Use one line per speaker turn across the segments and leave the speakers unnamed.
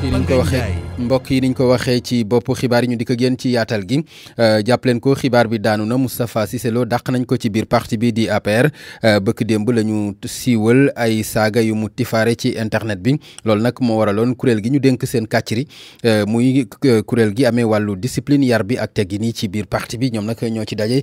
fii ni ñu ko waxee mbokk yi niñ ko waxee ci bopp xibaar yi ñu di ko génn ci yaatal gi euh, jàpp leen ko xibaar bi daanu na Moustapha Cissé Lo dàq nañ ko ci biir parti bi di APR euh, bëkk démb la ñu siiwal ay saaga yu mu tifaare ci internet bi loolu nag moo loon kuréel gi ñu dénk seen kàcciri euh, muy kuréel gi amee wàllu discipline yar bi ak teggin yi ci biir parti bi ñoom nag ñoo ci daje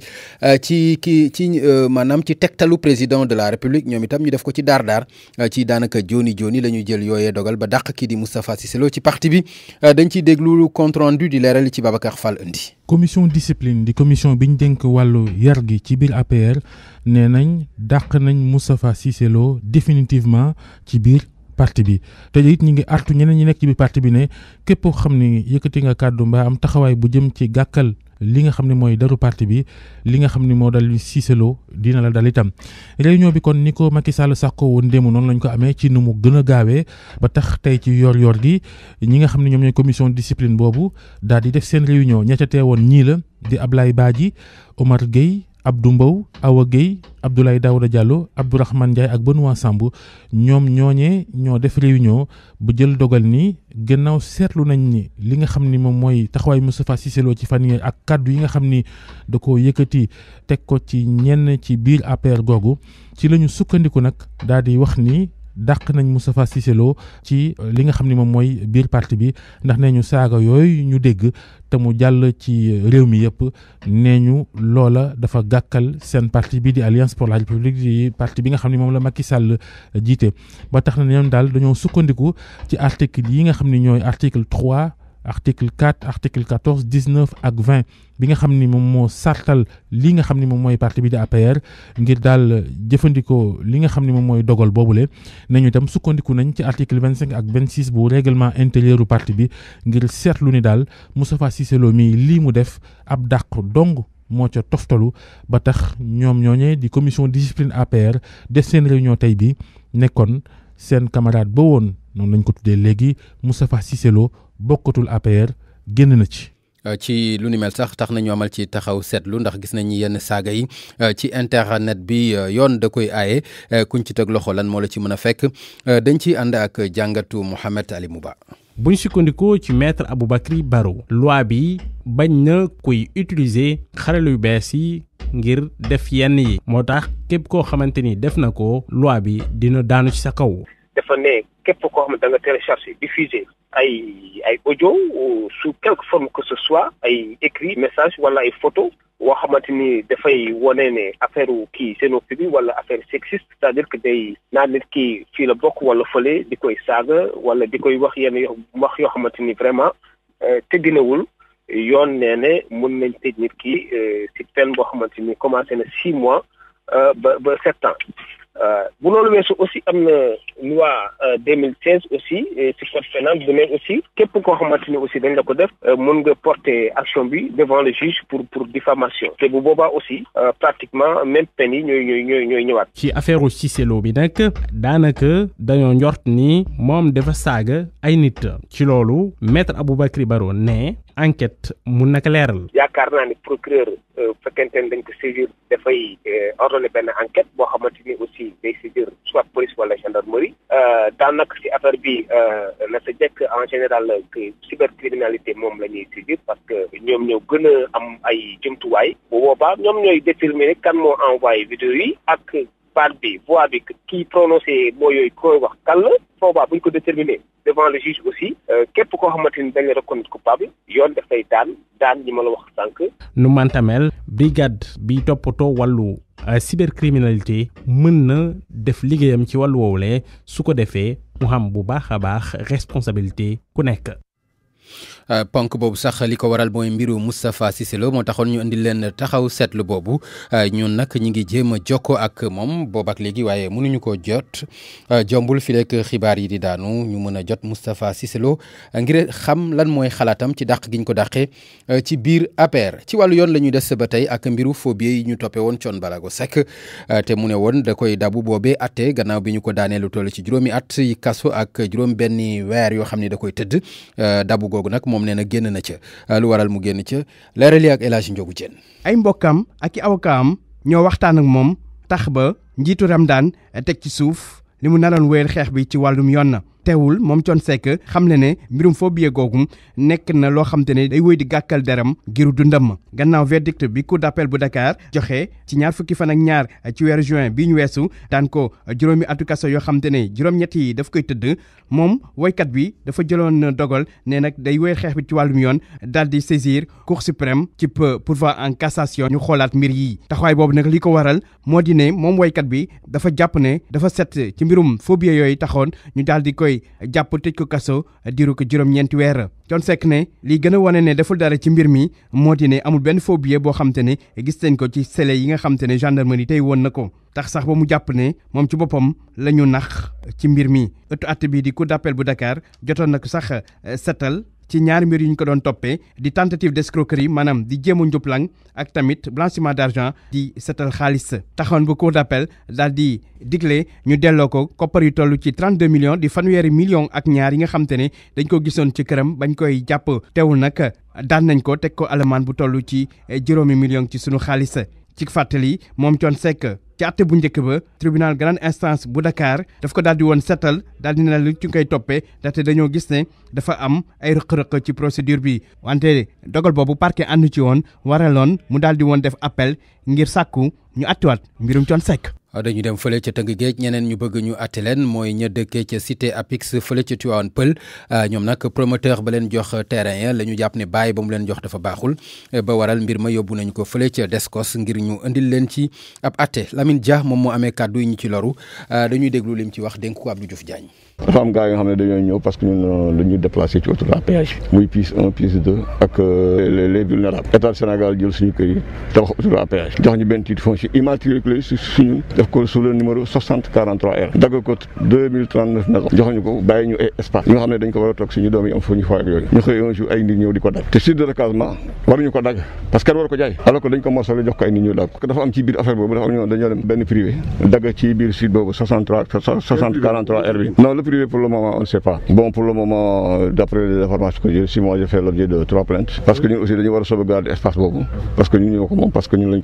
ci ki ci maanaam ci tegtalu président de la république ñoom itam ñu def ko ci daar daar ci daanaka jooni jooni la ñu jël yooyee dogal ba dàq kii di Moustapha Cissé ci parti bi Euh, dañ ciy déglu compte di leeral ci Babacar Fall
commission discipline di commission biñ dénk wàllu yar gi ci biir APR nee nañ dàq nañ Moustapha siselo Lo ci biir. parti bi te yit ñi ngi artu ñeneen ñi nekk ci biir parti bi ne képp xam ni yëkkati nga kàddu mbaa am taxawaay bu jëm ci gàkkal li nga xam ne mooy daru parti bi li nga xam ni moo dal Cissé dina la dal itam réunion bi kon ni ko Macky sax sàkko woon démb noonu lañ ko amee ci nu mu gën gaawee ba tax tey ci yor yor gi ñi nga xam ne ñoom ñooy commission discipline boobu daal di def seen réunion ña ca woon ñii la di Ablaye Badji Omar Gueye Abdou Mbow Awa Gueye Abdoulaye Daouda Diallo Abdourahmane Ndiaye ak Benoît Sambou ñoom ñooñee ñoo def réunion bu jël dogal ni gannaaw seetlu nañ ni li nga xam ni moom mooy taxawaay Moustapha Cissé Lo ci fan yi ak kàddu yi nga xam ni da ko yëkkati teg ko ci ñenn ci biir APR googu ci lañu sukkandiku nag daal di wax ni dàq nañ Moustapha Cissé Lo ci euh, li nga xam ne moom mooy biir parti bi ndax nee ñu saaga yooyu ñu dégg te mu jàll ci euh, réew mi yëpp nee ñu loola dafa gàkkal seen parti bi di Alliance pour la République di parti bi nga xam ne moom la Macky Sall euh, jiite ba tax na ñoom daal dañoo sukkandiku ci article yi nga xam ni ñooy article 3 article 4 article 14 19 ak 20 bi nga xamni ni mo sartal li nga xamni ni moy parti bi di APR ngir dal jëfëndiko li nga xamni ni moy mooy dogal boobule nañu tam sukkandiku nañ ci article 25 ak 26 bu règlement intérieur parti bi ngir seetlu ni dal Moustapha Cissé Lo mi li mu def ab dàq dong mo ca toftalu ba tax ñoom ñooñee di commission discipline APR desse seen réunion tay bi nekkon sen camarade ba woon noonu lañ ko tuddee léegi Moustapha Cissé Lo bokkatul APR génn na ci.
Euh, ci lu ni mel sax tax nañu amal ci taxaw seetlu ndax gis nañu yenn saaga yi euh, ci internet bi euh, yoon da koy aaye kuñ ci teg loxo lan moo la ci mën a fekk dañ ciy ànd ak jàngatu Mouhamed Ali Mouba.
bu ñu sukkandikoo ci maître Aboubacry Baro loi bi bañ na kuy utilise xarala yu bees yi ngir def yenn yi moo tax képp koo xamante ni def na ko loi bi dina daanu ci sa kaw.
pourquoi on xam ne diffuser ay ay sous quelque forme que ce soit écrit message wala ay photo woo xamante ni dafay ne affaire kii xénophobie wala affaire sexiste c'est-à-dire que des qui kii fii la wala fële di koy wala di wax yenn wax yoo vraiment euh, yoon nee ne mun nañ tëj nit kii euh, si peine boo commencé na six mois euh, ba ans euh, bu loolu weesu aussi am na loi 2016 euh, aussi ci code pénal bu même aussi qu'est-ce qu'on xamante ni aussi dañ le ko def euh, mën nga porter action bi devant le juge pour pour diffamation te bu Boba aussi pratiquement même peine yi ñooy ñooy ñooy ñooy ñëwaat.
ci affaire u dans Lo bi nag daanaka dañoo njort ni moom dafa saaga ay nit ci loolu maître Aboubakri Baro ne enquête mun na leeral. yaakaar
naa ni procureur euh, bu fekkente ne dañ ko saisir dafay euh, ordonné benn enquête boo xamante ni aussi day saisir soit police wala gendarmerie. Euh, daanaka si affaire bi na sa jekk en général que cybercriminalité moom la ñuy parce que ñoom ñoo gën a am ay jumtuwaay. bu boobaa ñoom ñooy déterminer kan moo envoyé vidéo yi ak. baat bi voix bi kii prononcé moo yooyu koy wax kan la boobaa bu ñu ko déterminer devant le juge aussi euh, képp koo xamante ni dañ la reconnaître coupable yoon dafay daan daan ñi ma la wax sànq.
nu mantamel brigade bi toppatoo wàllu euh, cybercriminalité mën na def liggéeyam ci wàllu woowule su ko defee mu xam bu baax a baax
responsabilité ku nekk. Euh, ponk boobu sax li ko waral mooy mbiru Moustapha Cissé Lo moo taxoon ñu indi leen taxaw seetlu boobu euh, ñun nag ñu ngi jéem a jokkoo ak moom boobu ak léegi waaye mënuñu ko jot euh, jombul fi rek xibaar yi di daanu ñu mën a jot Moustapha siselo Lo ngir xam lan mooy xalaatam ci daq giñ ko dàqee ci biir APR ci wàllu yoon la ñuy des ba tey ak mbiru phobie yi ñu toppee woon Thione Ballago sekk te mu ne woon da koy dabu boobee atte gannaaw bi ñu ko daanee lu toll ci juróomi at yi ak juróom weer yoo xam ne da koy tëdd dabu googu nag moom nee na génn na ca ah, lu waral mu génn ca leeral yi ak
El Hadji Ndiogou Diène ay mbokkam ak i aw am ñoo waxtaan ak moom tax ba njiitu Ramadane teg ci suuf li mu naroon wéyal xeex bi ci wàllum yoon na teewul moom Thione Seck xam ne ne mbirum phobie googu nekk na loo xam te ne day woy di gàkkal deram gir dundam gannaaw verdict bi cour d'appel bu Dakar joxe ci ñaar fukki fan ak ñaar ci weeru juin bi ñu weesu daan ko juróom juróomi atu kaso yoo xam ne juróom-ñett yi koy tëdd moom woykat bi dafa jëloon dogal ne nag day woy xeex bi ci wàllum yoon daal di saisir cour suprême ci pourvoi en cassation ñu xoolaat mbir yi taxawaay boobu nag li ko waral moo di moom woykat bi dafa jàpp ne dafa set ci mbirum phobie yooyu taxoon koy jàpp tëj ko kaso diiru ko juróom-ñeenti weer Thione Seck ne lii gën a wane ne deful dara ci mbir mi moo di ne amul benn phobie boo xam ne gis nañ ko ci sele yi nga xam te ne gendarmerie tey woon na ko tax sax ba mu jàpp ne moom ci boppam lañu nax ci mbir mi ëttu àtt bi di cour d'appel bu Dakar jotoon nag sax eh, setal ci ñaari mbir yuñ ko doon di tentative d'escroquerie madame, di jéem Actamit, njublang ak tamit blanchiment d'argent di setal xaalis taxawoon bu cour d'appel daal di digle ñu delloo ko koppar yu toll ci 32 millions di fanweeri million, ak ñaar yi nga xam ne dañ ko gisoon ci këram bañ koy jàpp teewul nag daan nañ ko ko bu ci ci sunu xaalis ci ci àtte bu njëkk ba tribunal grande instance bu Dakar daf ko daal di woon seetal daal di ne lu ci koy toppee ndaxte dañoo gis ne dafa am ay rëq-rëq ci procédure bi wante dogal boobu parquet ànd ci woon waraloon mu daal di woon def appel ngir sàkku ñu àttiwaat mbirum Thione Seck dañu dem
fële ca tëng géej ñeneen ñu bëgg ñu àtte leen mooy ña dëkkee ca cité apix fële ca Tivaouane Peulh ah, ñoom nag promoteur ba leen jox terrain ya la ñu jàpp ne bàyyi ba mu leen jox dafa baaxul eh, ba waral mbir ma yóbbu nañu ko fële ca Descos ngir ñu indil leen ci ab àtte lamin Dia moom moo amee kàddu yi ñu ci loru ah, dañuy déglu lim ci wax dénk ko Abdou Diouf Diagne
dafa am gars yi nga xamné ne ñëw parce que ñun dañu euh, déplacer ci autoroute à péage muy piste 1 piste 2 ak euh, les vulnérables état Sénégal jël suñu kër yi tabax autoroute à péage jox ñu ben titre foncier immatriculé ci suñu def ko sous le numéro 6043 R dagg ko 2039 maison ñu ko bay ñu espace yi nga xam dañ ko wara tok suñu doom yi am fuñu ñu yoy ñu xëy un jour ay nit ñëw diko dag daj te site de recasement ñu ko dag parce que war ko jaay alors que dañ ko morcelé jox ko ay nit ñëw dag ko dafa am ci biir affaire boobu dafa am ñoo dem benn privé dagg ci biir site bobu 63 6043 R bi pour le moment, on ne sait pas. Bon, pour le moment, euh, d'après les informations que j'ai, si moi j'ai fait l'objet de trois plaintes, parce que nous aussi, nous sauvegarder l'espace beaucoup parce que nous, nous, parce que nous, euh,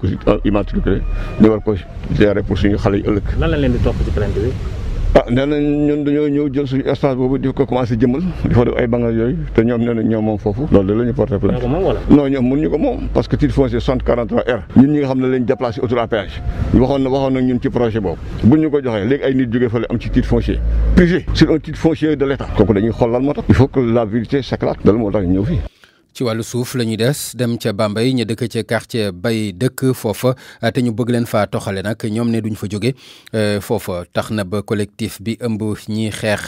nous, ah nee nañ ñun dañoo ñëw jël suñu espace boobu di ko commencé jëmmal di fa def ay bangal yooyu te ñoom nee ñoom moom foofu loolu da la ñu porté plainte non ñoom mënuñu ko moom parce que titre foncier 643 R ñun ñi xam ne lañ déplacé autour à péage waxoon waxoon nag ñun ci projet boobu buñ ñu ko joxee léegi ay nit jógee fële am ci titre foncier privé sur un titre foncier de l' kooku dañuy xool lan moo tax il faut que la vérité
ci wàllu suuf la ñuy des dem ca Bambey ñu dëkk ca quartier bay dëkk foofa te ñu bëgg leen faa toxale nag ñoom ne duñu fa jóge euh, foofa tax na ba collectif bi ëmb ñiy xeex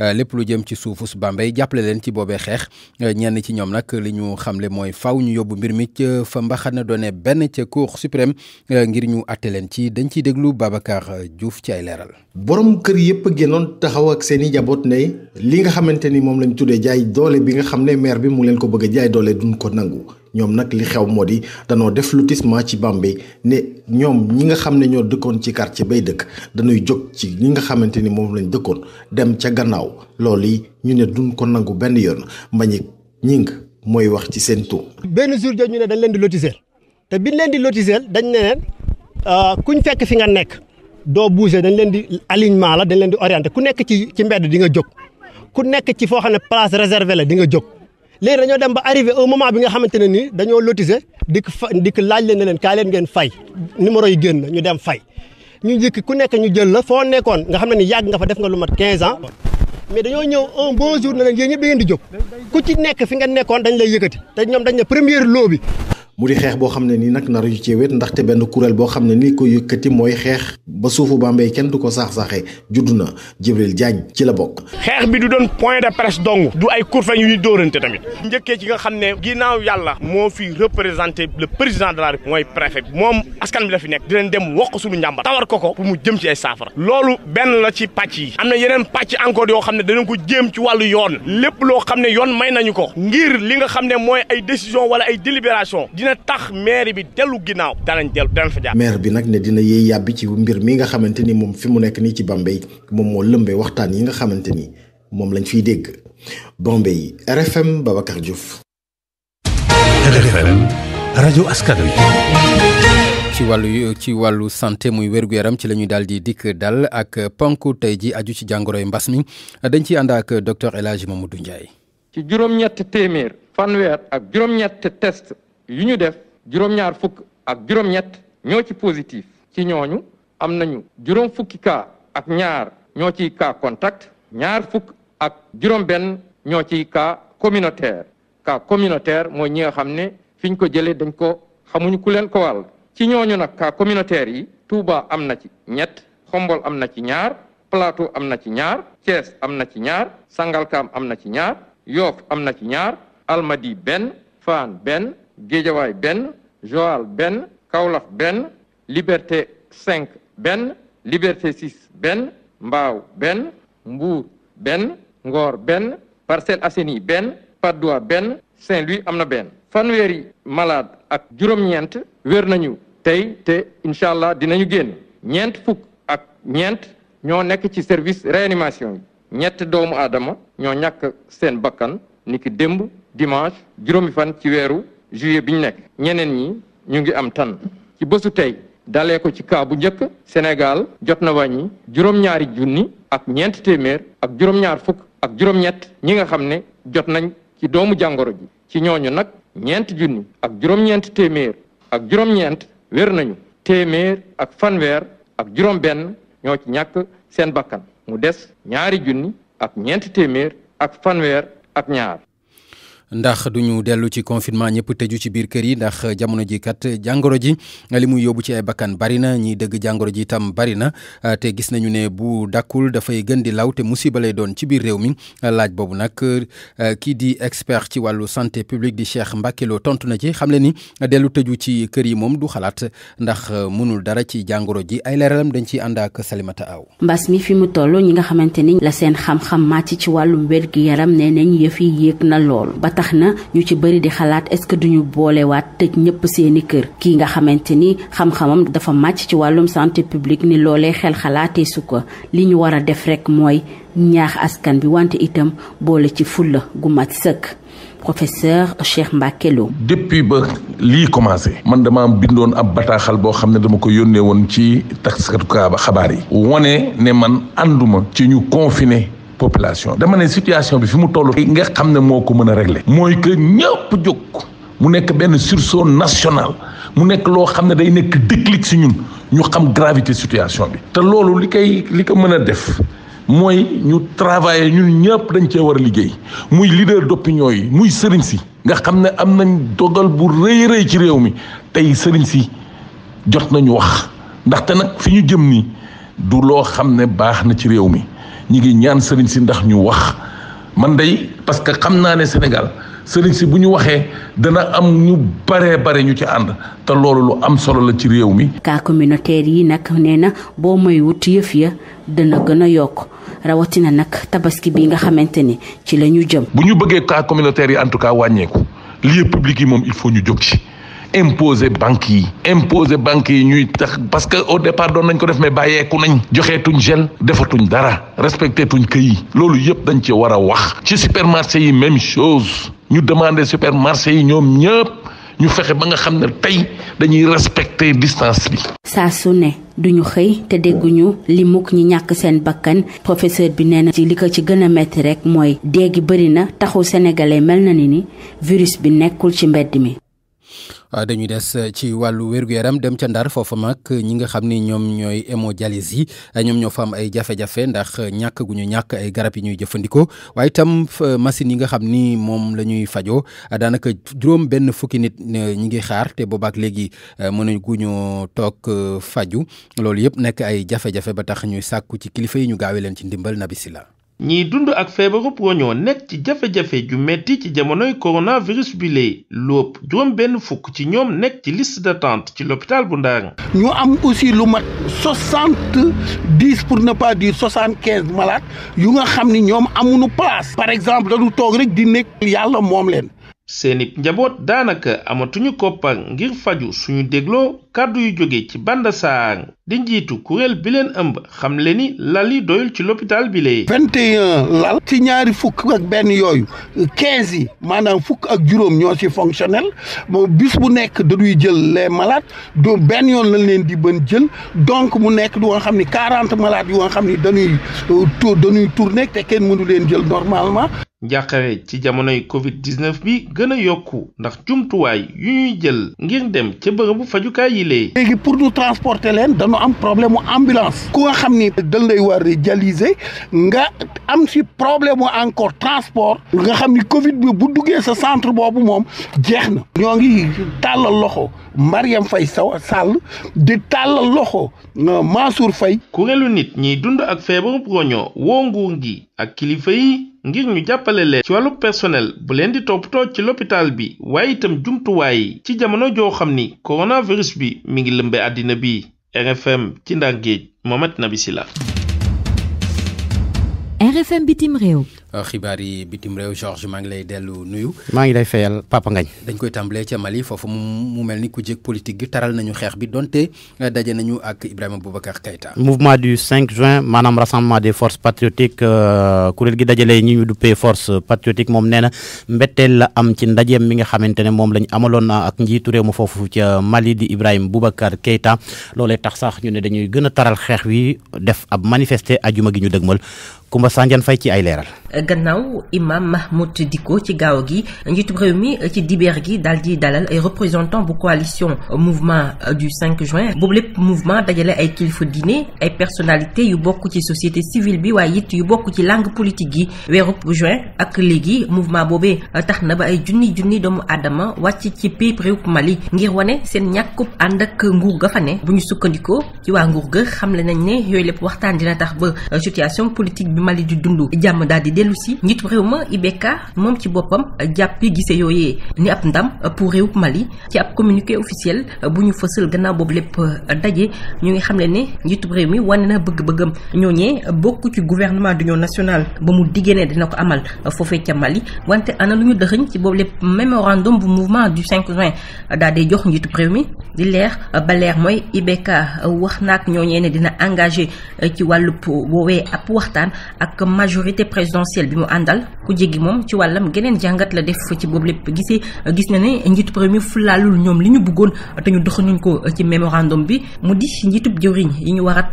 euh, lépp lu jëm ci suufus Bambey jàppale leen ci boobee xeex euh, ñenn ci ñoom nag li ñu xamle mooy faaw ñu yóbbu mbir mi ca fa mbaxana doone benn ca cour suprême ngir ñu àtte leen ci dañ ciy déglu Babacar Diouf ci leeral. boroom kër yëpp génnoon taxaw ak seen i jaboot ne li nga xamante ni moom
lañ tuddee jaay doole bi nga xam ne maire bi mu leen ko bëgg a jaay doole duñ ko nangu ñoom nag li xew moo di danoo def lotissement ci bi ne ñoom ñi nga xam ne ñoo dëkkoon ci quartier bay dëkk dañuy jóg ci ñi nga xamante ni moom lañ dëkkoon dem ca gannaaw loolu yi ñu ne duñ ko nangu benn yoon ma Mbagnick Gningue mooy wax ci seen tur. benn jour jooju ñu ne dañ leen di lotiseel
te biñ leen di lotiseel dañ ne leen euh, kuñ fekk fi nga nekk doo bouger dañ leen di alignement la dañ leen di orienter ku nekk ci ci mbedd di nga jóg ku nekk ci foo xam ne place réservée la di nga jóg. léegi dañoo dem ba arrivé un moment bi nga xamante ne dañoo lotisé dikk fa dikk laaj leen ne leen kaay leen ngeen fay numéro yi génn ñu dem fay ñu njëkk ku nekk ñu jël la foo nekkoon nga xam ne ni yàgg nga fa def nga lu mat 15 ans mais dañoo ñëw un bon jour ne leen
yéen ñëpp da ngeen di ku ci nekk fi nga nekkoon dañ lay yëkkati te ñoom dañ ne première loo bi mu di xeex boo xam ne nii nag naruñu cee wet ndaxte benn kuréel boo xam ne ni ko yëkkati mooy xeex ba suufu Bambey kenn du ko saax-saaxee judd na Jibril Diagne ci la bokk xeex bi du doon point de presse dong du ay kurfeñ yu ñu dóorante tamit njëkkee ci nga xam ne ginnaaw yàlla moo fi représenté le président de la République mooy préfet bi moom askan bi la fi nekk di dinañ dem wax suñu njàmbat tawar ko ko pour mu jëm ci ay saafara loolu benn la ci pàcc yi am na yeneen pàcc encore yoo xam ne danañ ko jéem ci wàllu yoon lépp loo xam ne yoon may nañu ko ngir li nga xam ne mooy ay décision wala ay délibération dina tax maire bi dellu ginnaaw danañ dellu danañ fa jàpp maire ne dina yéey yàbbi ci mbir mi nga xamante ni moom fi mu nekk nii ci Bambey moom moo lëmbee waxtaan yi xamante ni moom lañ fiy dégg
Bambey
RFM Babacar Diouf RFM rajo askan wi wàllu ci wàllu santé muy wérgu yaram ci la ñuy daal di dikk dal ak ponk tey ji aju ci jàngoroy mbas mi dañ ci ànd ak docteur El Hadj Mamadou
Ndiaye. ci juróom-ñett téeméer fanweer ak juróom-ñett test yu ñu def juróom-ñaar fukk ak juróom-ñett ñoo ci positif ci ñooñu am nañu juróom fukki cas ak ñaar ñoo ciy cas contact ñaar fukk ak juróom-benn ñoo ciy cas communautaire ka communautaire mooy ñi nga xam ne fiñ ko jëlee dañ ko xamuñu ku leen ko wàll ci ñooñu nag cas communautaire yi Touba am na ci ñett Xombol am na ci ñaar Plateau am na ci ñaar Thiès am na ci ñaar sangalkaam am na ci ñaar Yoff am na ci ñaar Almadi benn Fann benn Guédiawaye Ben, Joal Ben, Kaulaf Ben, Liberté 5 Ben, Liberté 6 Ben, Mbao Ben, Mbour Ben, Ngor Ben, Parcelle Asseni Ben, Padua Ben, Saint-Louis Amna Ben, Malad malade ak juróom niente, wér te Inshallah, Dinayugin, dinañu Fuk fuk ak Nyent, Nyon nek ci service réanimation Nyent ñett doomu Nyon nyak sen seen niki dembu dimanche juróomi fan juillet bi ñu nekk ñeneen ñi ñu ngi am tan ci bésu tey dalee ko ci kaa bu njëkk Sénégal jot na wàññi juróom-ñaari junni ak ñeent téeméer ak juróom-ñaar fukk ak juróom-ñett ñi nga xam ne jot nañ ci doomu jàngoro ji ci ñooñu nag ñeent junni ak juróom-ñeent téeméer ak juróom-ñeent wér nañu téeméer ak fanweer ak juróom-benn ñoo ci ñàkk seen bakkan mu des ñaari junni ak ñeent téeméer ak fanweer ak ñaar
ndax duñu dellu ci confinement ñëpp tëju ci biir kër yi ndax jamono ji kat jàngoro ji li muy yóbbu ci ay bakkan bari na ñiy dëgg jàngoro ji itam bari na te gis nañu ne bu dakkul dafay gën di law te musiba lay doon ci biir réew mi laaj boobu nag euh, kii di expert ci wàllu santé publique di Cheikh Mbacké tontu na ci xam le ni dellu tëju ci kër yi moom du xalaat ndax mënul dara ci jàngoro ji ay leeralam dañ ciy ànd ak Salimata Aw
mbas mi fi mu toll ñi nga tax na ñu ci bëri di xalaat est-ce que duñu boolewaat tëj ñëpp seeni kër kii nga xamante ni xam-xamam dafa màcc ci wàllum santé publique ni loole xel xalaatee su ko li ñu war a def rek mooy ñaax askan bi wante itam boole ci fulla gu mat sëkk professeur Cheikh Mbacké Lo
depuis ba lii commencé man damaa bindoon ab bataaxal boo xam ne dama ko yónnee woon ci taskatu xabaar yi wone ne man ànduma ci ñu confiné population dama ne situation bi fi mu toll nga xam ne moo ko mën a régler mooy que ñëpp jóg mu nekk benn sursaut national mu nekk loo xam ne day nekk déclic si ñun ñu xam gravité situation bi te loolu li koy li ko mën a def mooy ñu travailler ñun ñëpp dañ cee war a liggéey muy leader d'opinion yi muy sëriñ si nga xam ne am nañ dogal bu rëy rëy ci réew mi tey sëriñ si jot nañu wax ndaxte nag fi ñu jëm nii du loo xam ne baax na ci réew mi ñi ngi ñaan sëriñ si ndax ñu wax man dey parce que xam naa ne senegal sëriñ si bu ñu waxee dana am ñu baree bare ñu ci ànd te loolu lu am solo la ci réew mi.
cas communautaire yi nag nee na boo mooy wut yëf ya dana gën a yokk rawatina nag tabaski bi nga xamante ni ci la ñu jëm.
bu ñu bëggee cas communautaire yi en tout cas wàññeeku lieux publics yi moom il faut ñu jóg imposer banques yi imposer banques yi ñuy tax parce que au départ doon nañ ko def mais bàyyeeku nañ joxeetuñ gel defatuñ dara respecté tuñ këy loolu yëpp dañ ci war a wax ci supermarché yi même chose ñu demander supermarché yi ñoom ñëpp ñu fexe ba nga xam ne tey dañuy respecter distance bi.
saa su ne duñu xëy te dégguñu li mukk ñi ñàkk seen bakkan professeur bi nee na ci li ko ci gën a metti rek mooy na taxu sénégalais mel na ni virus bi nekkul ci mbedd mi.
Euh, dañuy des euh, ci wàllu wér-gu-yaram dem ca ndar foofa mag ñi nga xam ni ñoom ñooy hémodialyse yi ñoom ñoo fa am ay jafe-jafe ndax ñàkk gu ñu ñàkk ay garab yi ñuy jëfandikoo waaye itam euh, machine yi nga xam ni moom la ñuy fajoo daanaka juróom benn fukki nit ñi ngi xaar te boobaak léegi mënuñ gu ñu toog faju loolu yëpp nekk ay jafe-jafe ba tax ñuy sàkku ci kilifa yi ñu gaawe leen ci ndimbal Nabi Sylla
ñiy dund ak feebarub roñoo nekk ci jafe-jafe ju metti ci jamonoy coronavirus bi lee lu ëpp juróom benn fukk ci ñoom nekk ci liste d'attente ci l'hôpital bu Ndar. ñu am aussi lu mat soixante-dix pour ne pas dire soixante-quinze malades yu nga xam ni ñoom amuñu place. par exemple dañu toog rek di nekk yàlla moom leen. seeni njaboot daanaka amatuñu koppar ngir faju suñu dégloo kàddu yu jóge ci Banda Sarr di njiitu kuréel bi leen ëmb xam le ni lal yi doyul ci l'hôpital bi lee. 21 lal ci ñaari fukk ak benn yooyu 15 yi maanaam fukk ak juróom ñoo ci fonctionnel moom bis bu nekk dañuy
jël les malades do benn yoon lañ leen di bën jël donc mu nekk du nga xam ni 40
malades yu nga xam ni dañuy euh, dañuy tourner te kenn mënu leen jël normalement. njàqare ci jamonoy covid-19 bi gën a yokku ndax jumtuwaay yu ñuy jël ngir dem ca bërëbu fajukaay yi lee léegi pour du transporter leen dañu am problème mu ambulance ku nga xam ni dañ lay war dialyser nga am si problème mu encore transport
nga xam ni covid bi bu duggee sa centre boobu moom jeex na ñoo ngi tàllal loxo
Mariam Faye Sow Sall di tàllal loxo euh, Mansour Faye kuréelu nit ñiy dund ak feebaru roño woo nguur gi ak kilifa yi ngir ñu jàppale leen ci wàllu personnel bu leen di toppatoo ci l'hôpital bi waaye itam jumtuwaay ci jamono joo xam ni coronavirus bi mi ngi lëmbe àddina bi RFM ci Ndar Géej Mohamed na Sylla
RFM bitim
xibaar yi bitim réew
Georges maa ngi lay dellu nuyu.
maa ngi lay fayal Papa Ngagne.
dañ koy tàmbalee ca Mali foofu mu mel ni ku jéeg politique gi taral nañu xeex bi donte eh, daje nañu ak Ibrahima Boubacar Keïta.
mouvement du 5 juin maanaam rassemblement des forces patriotiques euh, kuréel gi dajale ñi ñu duppee force patriotique moom nee na mbetteel la am ci ndajeem mi nga xamante ne moom lañ amaloon ak njiitu réew ma foofu ca Mali di Ibrahima Boubacar Keïta loolee tax sax ñu ne dañuy gën a taral xeex wi def ab manifester ajuma gi ñu dëgmal Kumba sanjan fay ci ay leeral
gannaaw imam Mahmoud diko ci gaaw gi njiitum réew mi ci dibeer gi daal di dalal ay représentant bu coalition mouvement du 5 juin boobu lépp mouvement dajale ay kilifa diine ay personnalité yu bokk ci société civile bi waaye it yu bokk ci langue politique gi weerub juin ak léegi mouvement boobee euh, tax na ba ay junni junni doomu adama wàcc ci pépp réewub Mali ngir wane seen ñàkkub ànd ak nguur ga fa ne bu ñu sukkandikoo ci waa nguur ga xamle nañ ne yooyu lépp waxtaan dina tax ba euh, situation politique bi Mali di dund jàmm daal di dellu dellu si njiitu réew ma IBK moom ci bopam jappi gise yoyé ni ap ndam pour réewub Mali ci ap communiqué officiel buñu ñu fësal gannaaw boobu lépp daje ñu ngi xamlé né njiitu réew mi wane na bëgg-bëggam ñooñee bokku ci gouvernement d'union nationale ba mu digéné dina ko amal fofé ci Mali wante ana luñu ñu ci boobu lepp memorandum bu mouvement du 5 juin da dé jox njiitu réew mi di lèr ba leer mooy IBK wax naak ñooñee ne dina engagé ci wàllu woowee ap waxtaan ak majorité présidentielle officiel bi mu àndal ku jéggi mom ci walam geneen jangat la def ci boobu lépp gisee gis na ne njiitub premier mi ñom liñu li ñu bëggoon te ñu doxanuñ ko ci memorandum bi mu di njiitub jëwriñ yi ñu war a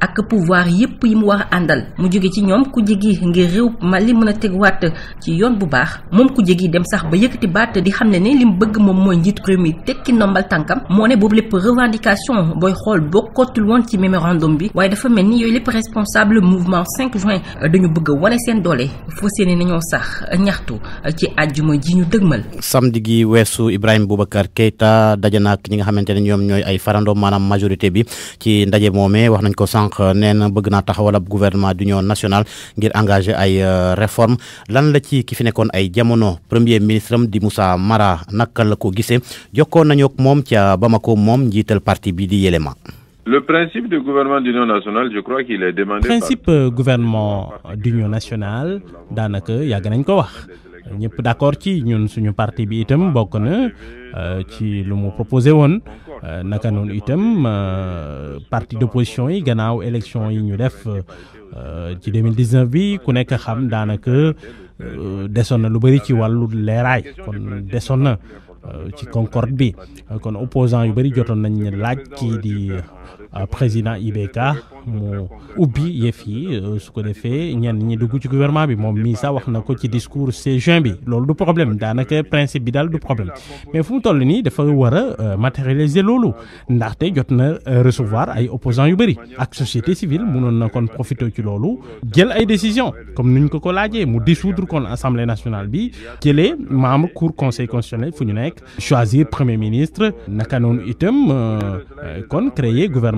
ak pouvoir yépp yi mu wara andal mu jóge ci ñom ku jéggi ngir réew li mëna a teguwaat ci yoon bu baax mom ku jéggi dem sax ba yëkëti baat di xamné ne lim bëgg mom moy njiitub premier tekki nombal tankam mo ne boobu lépp revendication booy xool bokkootul woon ci memorandum bi waye dafa melni yoy yooyu responsable mouvement 5 juin dañu bëgg a sen seen tey fas yéene nañoo sax ñaxtu ci àjjuma ji ñu dëgmal.
samedi gi weesu Ibrahima Boubacar Keita daje na ñi nga xamante ne ñoom ñooy ay farandoo maanaam majorité bi ci ndaje moomee wax nañ ko sànq nee na bëgg naa taxawal ab gouvernement ñoo nationale ngir engagé ay euh, réforme lan la ci ki fi nekkoon ay jamono premier ministre am di Moussa Mara naka la ko gisee jokkoon nañu ak moom
ca Bamako moom njiital parti bi di Yelema.
Le principe du gouvernement d'union nationale, je crois qu'il est demandé. Principe
euh, gouvernement d'union nationale daanaka yàgg nañ ko wax ñëpp d' accord ci ñun suñu parti bi itam bokk na euh, ci lu mu proposé woon euh, naka noonu itam parti d' opposition yi gannaaw élection yi ñu def ci 2019 bi ku nekk xam daanaka desoon na lu bëri ci wàllu leeraay kon desoon na ci concorde bi kon opposant yu bëri jotoon nañ laaj kii di. Euh, président IBK mo ubbi yefi euh, su ko defee ñan ñi dugg ci gouvernement bi mom mi sa wax na ko ci discours ce juin bi loolu du problème danaka principe bi dal du problème mais fu mu toll ni dafa war a euh, matérialiser loolu ndaxte jot na recevoir ay opposants yu bari ak société civile mënoon na kon profiter ci loolu jël ay décisions comme nuñ ko ko lajé mu dissoudre kon assemblée nationale bi jëlee membre cour conseil constitutionnel fu ñu nek choisir premier ministre naka noonu itam kon créer gouvernement.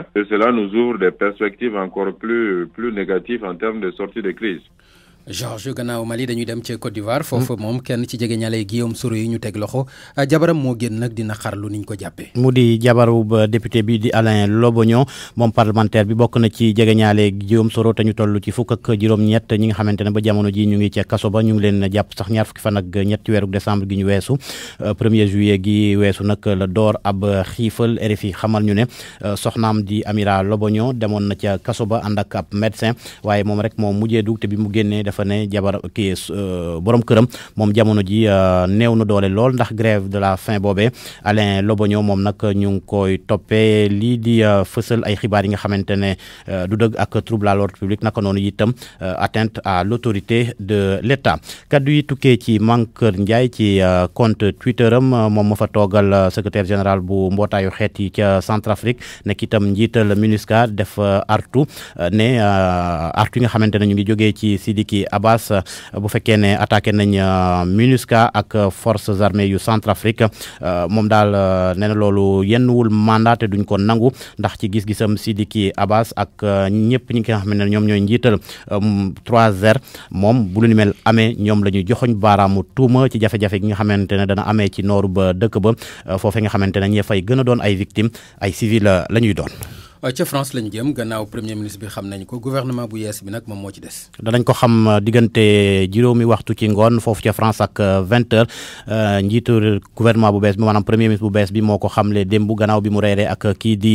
et hein, cela nous ouvre des perspectives encore plus, plus négatives en termes de sortie de crise.
Georges gannaaw Mali dañuy dem ci Côte d'Ivoire. Hmm. foofu moom kenn ci jege ñaale Guillaume Soro yi ñu teg loxo ah, jabaram moo génn nag dina xarlu niñ ko jàppee.
mu di jabaru ba député bi di Alain Lobognon moom parlementaire bi bokk na ci jege ñaale Guillaume Soro te ñu toll ci fukk ak juróom-ñett ñi nga xamante ne ba jamono ji ñu ngi ca kaso ba ñu ngi leen jàpp sax ñaar fukki fan ak ñett weeru décembre gi ñu weesu. Euh, premier juillet gi weesu nag la door ab xiifal RFI xamal ñu ne euh, soxnaam di Amira Lobognon demoon na ca kaso ba ànd ak ab médecin waaye moom rek moom mujjee dugg te bi mu génnee dafa ne boroom kii euh, borom këram moom jamono ji euh, néew na doole lool ndax grève de la faim boobee Alain Lobogno moom nag ñu ngi koy toppee lii di euh, fësal ay xibaar yi nga xamante ne du dëgg ak trouble à l'ordre public naka noonu itam atteinte à l'autorité de l'État kaddu yi tukkee ci Mankeur Ndiaye ci compte Twitter am moom ma fa toogal secrétaire général bu mbootaayu xeet yi ca Centrafrique nekk itam njiital MINUSCA def artu ne artu yi nga xamante ñu ngi jógee ci Sidiki Abbas bu fekkee ne attaqué nañ euh, MINUSCA ak euh, force armées yu centre Centrafrique euh, moom daal nee na loolu yenn wul te duñ kon nangu ndax ci gis-gisam Sidiki Abbas ak ñëpp ñi nga xam ne ñoom ñooy njiital um, trois r moom bu lu ni mel amee ñoom la ñuy joxoñ baaraamu tuuma ci jafe-jafe gi nga xamante ne dana amee ci nooru ba dëkk ba foofee nga xamante ne ñee fay gën a doon ay victimes ay civil la ñuy doon
Euh, ci France lañ jëm gannaaw premier ministre bi xam nañ ko gouvernement bu yees bi nag moom moo ci des.
danañ ko xam euh, diggante juróomi waxtu ci ngoon foofu ca France ak 20 euh, heures njiitu gouvernement bu bees bi maanaam premier ministre bu bees bi moo ko xamle démb gannaaw bi mu reeree ak kii di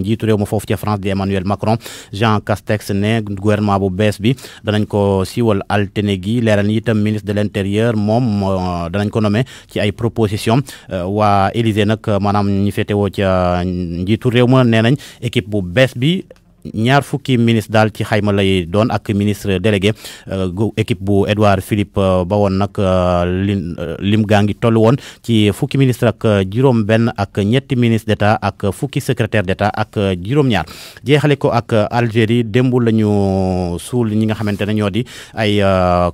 njiitu réew ma foofu ca France di Emmanuel Macron Jean Castex ne gouvernement bu bees bi danañ ko siiwal altine gi leeral itam ministre de l'Intérieur. intérieur moom danañ ko nommé ci ay proposition waa Élysée nag maanaam ñi féetewoo ca njiitu réew ma nee nañ. Qui pour best ñaar fukki ministre daal ci xayma lay doon ak ministre délégué euh, équipe bu Edouard Philippe euh, ba woon nag euh, lim lim gaa ngi toll woon ci fukki ministre ak juróom benn ak ñetti ministre d'état ak fukki secrétaire d'état ak juróom-ñaar jeexale ko ak Algérie démb lañu ñu suul ñi nga xamante ne ñoo di ay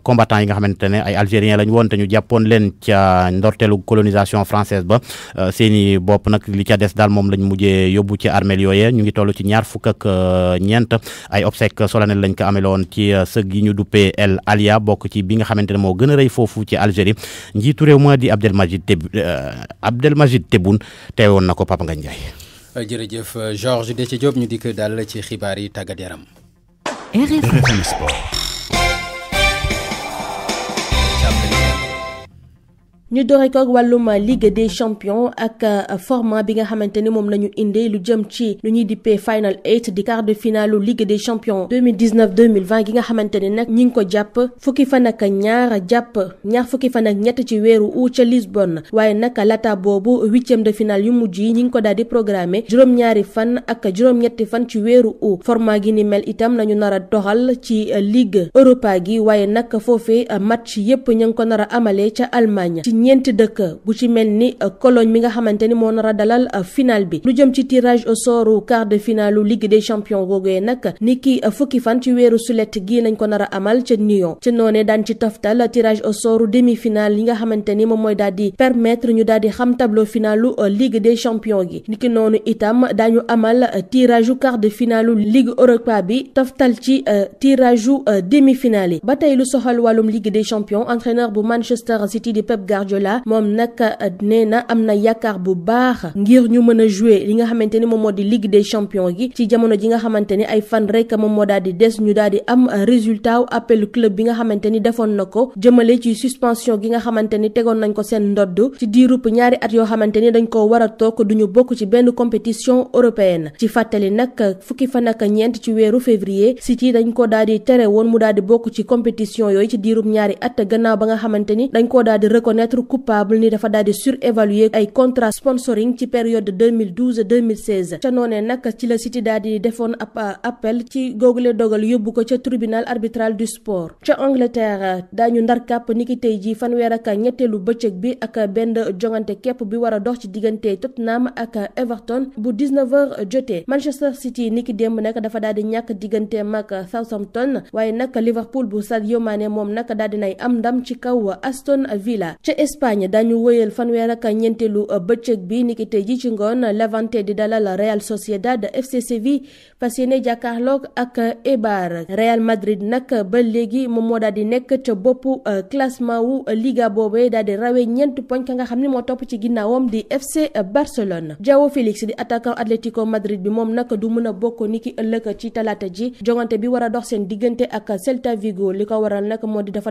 combattants yi nga xamante ne ay algériens lañ woon te ñu jàppoon leen ca ndorteelu colonisation francaise ba seeni bopp nag li ca des daal moom lañ mujjee yóbbu ci armeel yooyee ñu ngi toll ci ñaar ñeent ay obsèques solennelles lañ ko ameloon ci euh, sëg yi ñu duppee El Alia bokk ci bi nga xamante ne moo gën a rëy foofu ci Algérie njiitu réew ma di Abdelmajid Teb te euh, Tebboune na ko Papa Ngagne
Ndiaye. jërëjëf Georges Déthié Diop ñu dikk daal ci xibaar yi tàggat yaram.
ñu dore ko ak wàllum Ligue des champions ak euh, format bi nga xamante ni moom la ñu indee lu jëm ci lu ñuy dippee final eight di quart de finale Ligue des champions 2019 2020 gi nga xamante ni nag ñi ngi ko jàpp fukki fan ak ñaar jàpp ñaar fukki fan ak ñett ci weeru août ca Lisbonne waaye nag laata boobu huitième de finale yu mujj yi ñi ngi ko daal di programmé juróom-ñaari fan ak juróom-ñetti fan ci weeru août format gi ni mel itam la ñu nar a doxal ci euh, Ligue Europa gi waaye nag foofee euh, match yépp ña ngi ko nar a amalee ca Allemagne ñeenti dëkk bu ci melni ni euh, Cologne mi nga xamanteni mo nara dalal euh, final bi lu jëm ci tirage au sort quart de finalu Ligue des champions googee nak niki euh, fukki fan ci sulet gi lañ ko nara amal ci Nyon ci noné dan ci toftal tirage au sort demi final li nga xamanteni mom moy daldi permettre ñu daldi xam tableau finalu Ligue des champions gi niki nonu itam dañu amal tirage quart de finale Ligue Europa bi Taftal ci tirage demi finale. batay lu soxal walum Ligue des champions entraîneur bu Manchester City de Pep Guardiola Guardiola moom nag euh, nee na am na yaakaar bu baax ngir ñu mën a jouer li nga xamante ni moom moo di Ligue des champions gi ci jamono ji nga xamante ni ay fan rek moom moo daal di des ñu daal di am euh, résultat appelu club bi nga xamante ni defoon na ko jëmale ci suspension gi nga xamante ni tegoon nañ ko seen ndodd ci diirub ñaari at yoo xamante ni dañ ko war a toog duñu bokk ci benn compétition européenne ci fàttali nag fukki fan ak ñeent ci weeru février City dañ ko daal di tere woon mu daal di bokk ci compétition yooyu ci diirub ñaari at gannaaw plaindre coupable ni dafa daal di surévaluer ay contrat sponsoring ci période 2012 2016 ca noonee nag ci la City daal di defoon ab euh, appel ci googule dogal yóbbu ko ca tribunal arbitral du sport ca Angleterre daañu ndar kàpp niki fanweer ak ñetteelu bëccëg bi ak benn jongante képp bi war a dox ci diggante Tottenham ak Everton bu 19h jotee Manchester City niki démb nag dafa daal di ñàkk digganteem ak Southampton waaye nag Liverpool bu Sadio Mané moom nag daal di nay am ndam ci kaw Aston Villa ca Espagne dañu wëyal fanweer ak ñeenteelu euh, bëccëg bi niki tey ji ci ngoon Levante di dalal Real Sociedad FC Séville fas yéene ak euh, Eibar Real Madrid nag euh, ba léegi moom moo daal di nekk ca boppu classement wu Liga boobee daal di rawee ñeent poñ ka nga xam ne moo topp ci ginnaawam di FC Barcelone. Joao Félix di attaquant Atlético Madrid bi moom nag du mën a bokk niki ëllëg ci talaata ji jongante bi war a dox seen diggante ak Celta Vigo li ko waral nag moo di dafa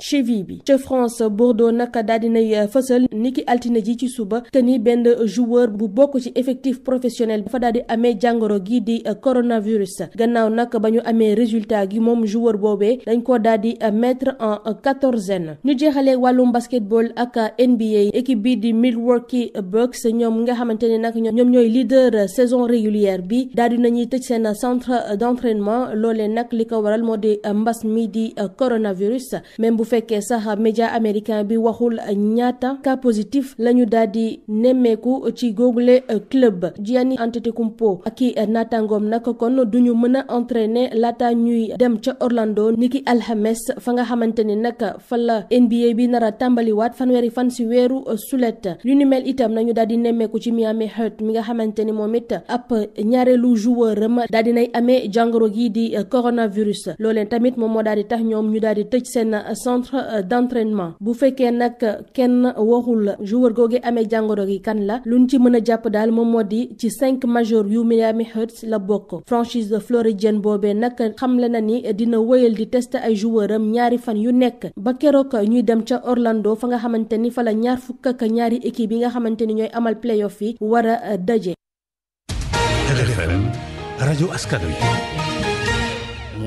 cheville bi ca France Bordeaux nag daal dinay uh, fësal niki altine ji ci suba que ni benn joueur bu bokk ci effectif professionnel dafa daal di amee jàngoro gi di uh, coronavirus gannaaw nag ba ñu amee résultat gi moom joueur boobee dañ ko daal di uh, mettre en quatorzaine ñu jeexalee wàllum basketball ak NBA équipe bi di Milwaukee Bucks ñoom nga xamante ne nag ñoom ñooy leader saison régulière bi daal di nañuy tëj seen centre d'entraînement loole nag li ko waral moo di mbas mi di coronavirus même bu fekkee sax média américain bi waxul ñaata cas positif la ñu daal di nemmeeku ci googule club Gianni Antetokounmpo ak i naataangoom nag kon du ñu mën a entraîner laata ñuy dem ca Orlando niki alxames fa nga xamante ni nag fa la NBA bi nar a tàmbaliwaat fanweeri fan si weeru sulet lu ni mel itam nañu daal di nemmeeku ci Miami Heat mi nga xamante ni moom it ab ñaareelu joueuram daal nay amee jàngoro gi di coronavirus looleen tamit moom moo daal tax ñoom ñu daal centre euh, d'entraînement bu fekkee nag euh, kenn waxul joueur googu amee jàngoro gi kan la lu luñ ci mën a jàpp daal moom moo di ci cinq major yu Miami Heat la bokk franchise floridienne boobee nag xamle na ni dina wéyal di tester ay joueur am ñaari fan yu nekk ba keroog ñuy dem ca Orlando fa nga xamante ni fa la ñaar fukk ak ñaari équipe yi nga xamante ni ñooy amal playoff yi war a euh, daje.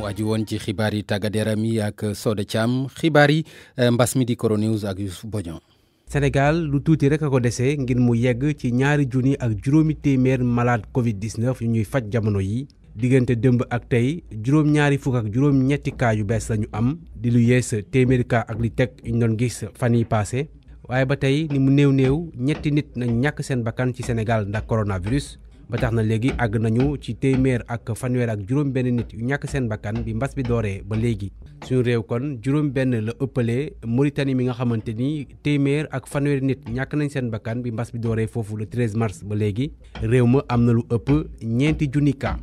moo woon ci xibaar yi tàggat yaram yi ak Soda am xibaar yi eh, mbas mi di coronews ak Youssouf Bodian
Sénégal lu tuuti rek a ko dese ngir mu yegg ci ñaari junni ak juróomi téeméer malade Covid 19 yu ñuy faj jamono yi diggante dëmb ak tey juróom ñaari fukk ak juróom ñetti cas yu bees lañu am di lu yees téeméeri cas ak li teg ñu doon gis fan yi paase waaye ba tey ni mu néew néew ñetti nit nañ ñàkk seen bakkan ci Sénégal ndax coronavirus. ba tax na léegi àgg nañu ci téeméer ak fanweer ak juróom-benn nit yu ñàkk seen bakkan bi mbas bi dooree ba léegi suñu réew kon juróom-benn la ëppalee Mauritanie mi nga xamante ni téeméer ak fanweeri nit ñàkk nañ seen bakkan bi mbas bi dooree foofu la 13 mars ba léegi réew ma am na lu ëpp ñeenti junni cas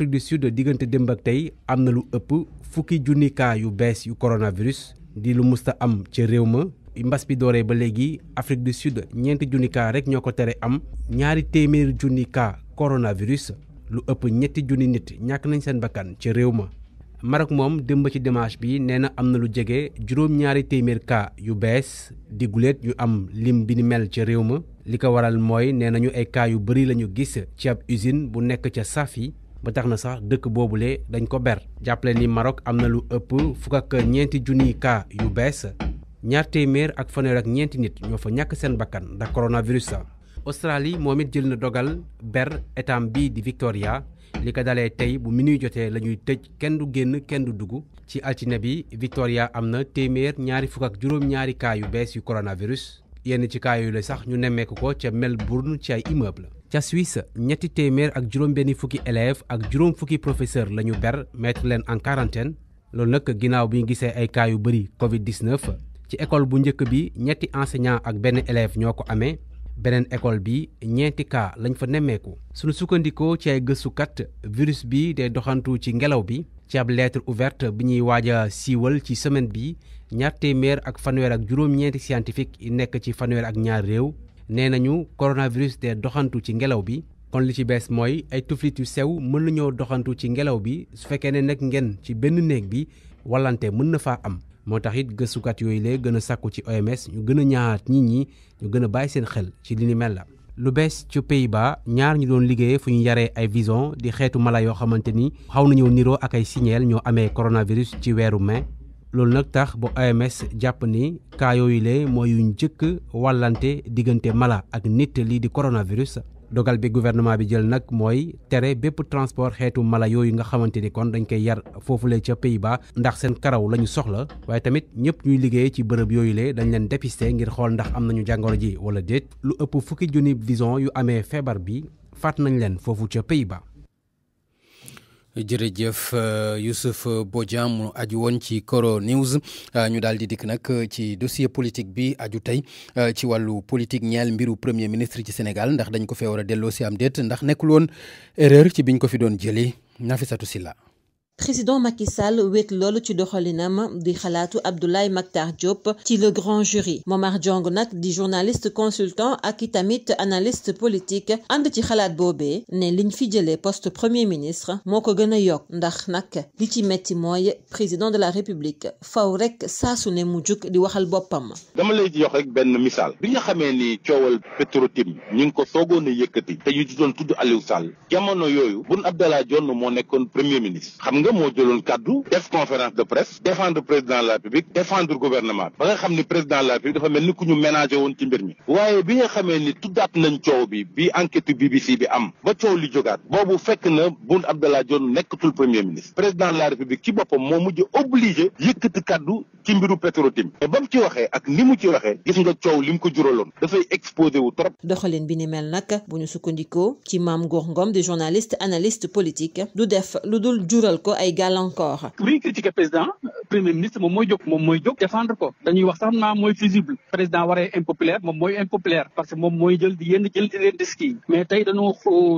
du Sud diggante démb ak tey am na lu ëpp fukki junni yu bees yu coronavirus di lu musta am ca réew ma mbas bi dooree ba léegi Afrique du Sud ñeenti junni cas rek ñoo ko tere am ñaari téeméeri junni cas coronavirus lu ëpp ñetti junni nit ñàkk nañ seen bakkan ca réew ma. Maroc moom dëmb ci dimanche bi nee na am na lu jege juróom-ñaari téeméer cas yu bees di guléet yu am lim bi ni mel ca réew ma li ko waral mooy nee nañu ay kaa yu bëri lañu gis ci ab usine bu nekk ca Safi. ba tax na sax dëkk boobule dañ ko ber jàppale ni Maroc am na lu ëpp fukk ak ñeenti junniy ñaar téeméer ak fanweer ak ñeenti nit ñoo fa ñàkk seen bakkan ndax coronavirus sa Australie moom it jël na dogal ber étam bii di Victoria li ko dalee tey bu minuy jotee la ñuy tëj kenn du génn kenn du dugg ci altine bi Victoria am na téeméer ñaari fukk ak juróom-ñaari cas yu bees yu coronavirus yenn ci cas yooyu sax ñu nemmeeku ko ca Melbourne ci ay immeuble ca Suisse ñetti téeméer ak juróom-benni fukki élève ak juróom fukki professeur la ñu ber mettre leen en quarantaine loolu nag ginnaaw bi ñu gisee ay cas yu bëri Covid 19. ci école bu njëkk bi ñetti enseignant ak benn élève ñoo ko amee beneen école bi ñeenti cas lañ fa nemmeeku suñu sukkandikoo ci ay virus bi day doxantu ci ngelaw bi ci ab lettre ouverte bi ñuy waaj ci semaine bi ñaar téeméer ak fanweer ak juróom-ñeenti scientifique yi nekk ci fanweer ak ñaar réew nee nañu coronavirus day doxantu ci ngelaw bi kon li ci bees mooy ay tuflit yu sew mën nañoo doxantu ci ngelaw bi su fekkee ne nag ngeen ci benn néeg bi wallante mën na faa am moo tax it gëstukat yooyu lee gën a sàkku ci OMS ñu gën a ñaat nit ñi ñu gën a bàyyi seen xel ci li ni mel la. lu bees ci Pays-Bas ñaar ñu doon liggéey fu ñu yaree ay bison di xeetu mala yoo xamante ni xaw nañoo niroo ak ay signeel ñoo amee coronavirus ci weeru mai loolu nag tax ba OMS jàpp ni cas yooyu lee mooy yu njëkk wàllante diggante mala ak nit lii di coronavirus. dogal bi gouvernement bi jël nag mooy tere bépp transport xeetu mala yooyu nga xamante ni kon dañ koy yar foofulee ca pays ba ndax seen karaw la ñu soxla waaye tamit ñëpp ñuy liggéey ci bërëb yooyu lee dañu leen dépister ngir xool ndax am nañu jàngoro ji wala déet lu ëpp fukki junni bison yu amee feebar bi faat nañ leen foofu ca pays ba
jërëjëf euh, Youssouf Bodian mu aju woon ci Coro News euh, ñu daal di dikk nag euh, ci dossier politique bi aju tey ci wàllu politique ñeel mbiru premier ministre ci Sénégal ndax dañ ko fee war a delloo si am déet ndax nekkul woon erreur ci biñ ko fi doon jëlee Nafissatou Sylla
président Macky Sall wet lolu ci doxalinam di xalaatu Abdoulaye Mactar Diop ci le grand jury Momar Diong Nak, di journaliste consultant Akitamit, analyste politique Ande ci xalaat né ne liñ fi poste premier ministre moko gëna yok l'itimé président de la république Faurek rek Mudjuk su mu juk di waxal Bopam.
dama lay jox rek ben misal bi nga xamé ni ciowal petro ñing ko doon Aliou Sall jamono yoyu Boun Abdallah premier ministre nga moo jëloon kaddu def conférence de presse défendre président de la république défendre gouvernement ba nga xam ni président de la république dafa mel ni ku ñu ménager woon ci mbir mi waaye bi nga xamee ni tuddaat nañ coow bi bi enquête BBC bi am ba coow li jógaat boobu fekk na Boun Abdallah Dionne nekkatul premier ministre président de la république ci boppam moo mujj obligé yëkkati kaddu ci mbiru Petro-Tim ba mu ci waxee ak ni mu ci waxee gis nga coow li mu ko juraloon dafay exposé wu trop
doxalin bi ni mel nag bu ñu sukkandikoo ci Mame Goor Ngom di journaliste analyste politique du def lu dul jural ko ay gàllankoor.
bu ñu président premier ministre mom moy jog mom
moy jog défendre ko dañuy wax sax naa mooy fusible président waré impopulaire mom moy impopulaire parce que mom moy jël di yenn jël di len risques mais tay dañu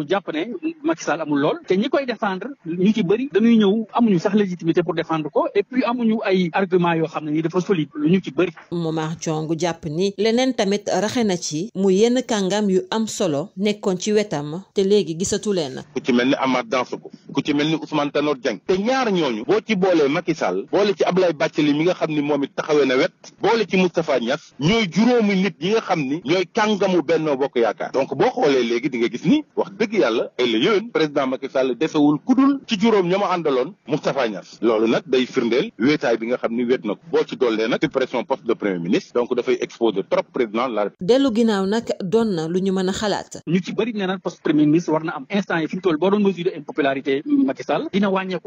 japp né Macky Sall amul lol té ñi koy défendre ñu ci bari dañuy ñëw amuñu sax légitimité pour défendre ko et puis amuñu ay argument yo xamné ni
dafa solide lu ñu ci bari Momar Diong japp ni lenen tamit raxe ci mu yenn kangam yu am solo nekkon ci wétam te légui gisatu len
ku ci melni Amad Amath ku ci melni Ousmane Tanor Dieng te ñaar ñooñu boo ci boolee Macky Sall boole ci Ablaye Bathily mi nga xam ni moom it taxawee na wet boole ci Moustapha Niass ñooy juróomi nit yi nga xam ni ñooy kàngamu Benno Bokk Yaakaar donc boo xoolee léegi di nga gis ni wax dëgg yàlla ay la yéen président Macky Sall desewul kudul ci juróom ña ma àndaloon Moustapha Niass loolu nag day firndeel wéetaay bi nga xam ni wéet na ko boo ci dollee nag suppression poste de premier ministre donc dafay exposer trop
ñu mën a xalaat
ñu ci boo doon mesure de impopularité
Macky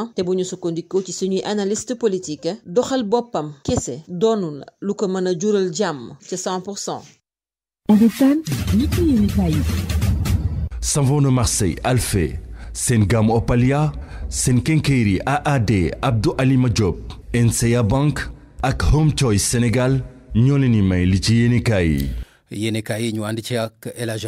jàmm te bu ñu ci suñu analyste politique eh, doxal boppam kese doonul lu ko mën jural jamm ci 100 pour
Marseille Alfé Sengam Opalia seen AAD Abdou Ali Diop NCA Bank ak Home Choice Sénégal ñoo leen di may li ci yéenekaay yi. yéenekaay yi ñu ànd ci ak
El Hadj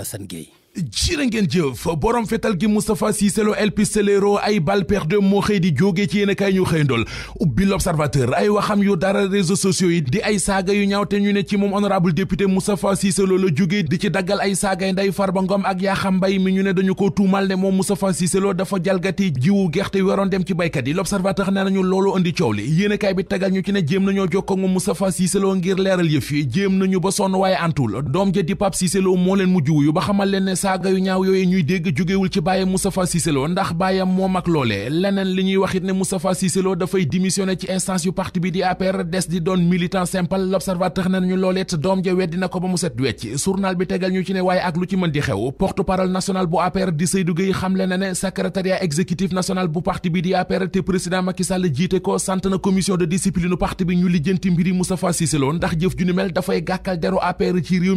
jërë ngeen jëf borom fetal gi Moustapha Cissé El Pistolero ay balle perdue moo xëy di jógee ci yéen kaay ñu xëyandool ubbi l'observateur ay waxam yu dara réseaux sociaux yi di ay saaga yu ñaaw te ñu ne ci moom honorable député Moustapha Cissé Lo la jógee di ci daggal ay saagay nday Farba Ngom ak Yakham Mbaye mi ñu ne dañu ko tuumal ne moom Moustapha Cissé Lo dafa jalgati jiwu gerte waroon dem ci baykat yi l'observateur nee nañu loolu indi coow li ci ne jéem nañoo jokkoo moom Moustapha Cissé Lo ngir leeral yëf yi jéem nañu ba sonn waaye antul doom ja ba xamal leen ne saaga yu ñaaw yooyu ñuy dégg jógewul ci bàyyam Moustapha Cissé Lo ndax bàyyam moom ak loolee leneen li ñuy wax it ne Moustapha Cissé Lo dafay démissionné ci instance yu parti bi di APR des di doon militant simple l'observateur ne nañu loolee te doom ja weddi na ko ba mu set wecc journal bi tegal ñu ci ne waaye ak lu ci mën di xew porte parole national bu APR di Seydou Gueye xamle na ne secrétariat exécutif national bu parti bi di APR te président Macky Sall ko sant na commission de discipline ñu lijjanti mbiri Moustapha Cissé Lo ndax jëf dafay gàkkal deru APR ci réew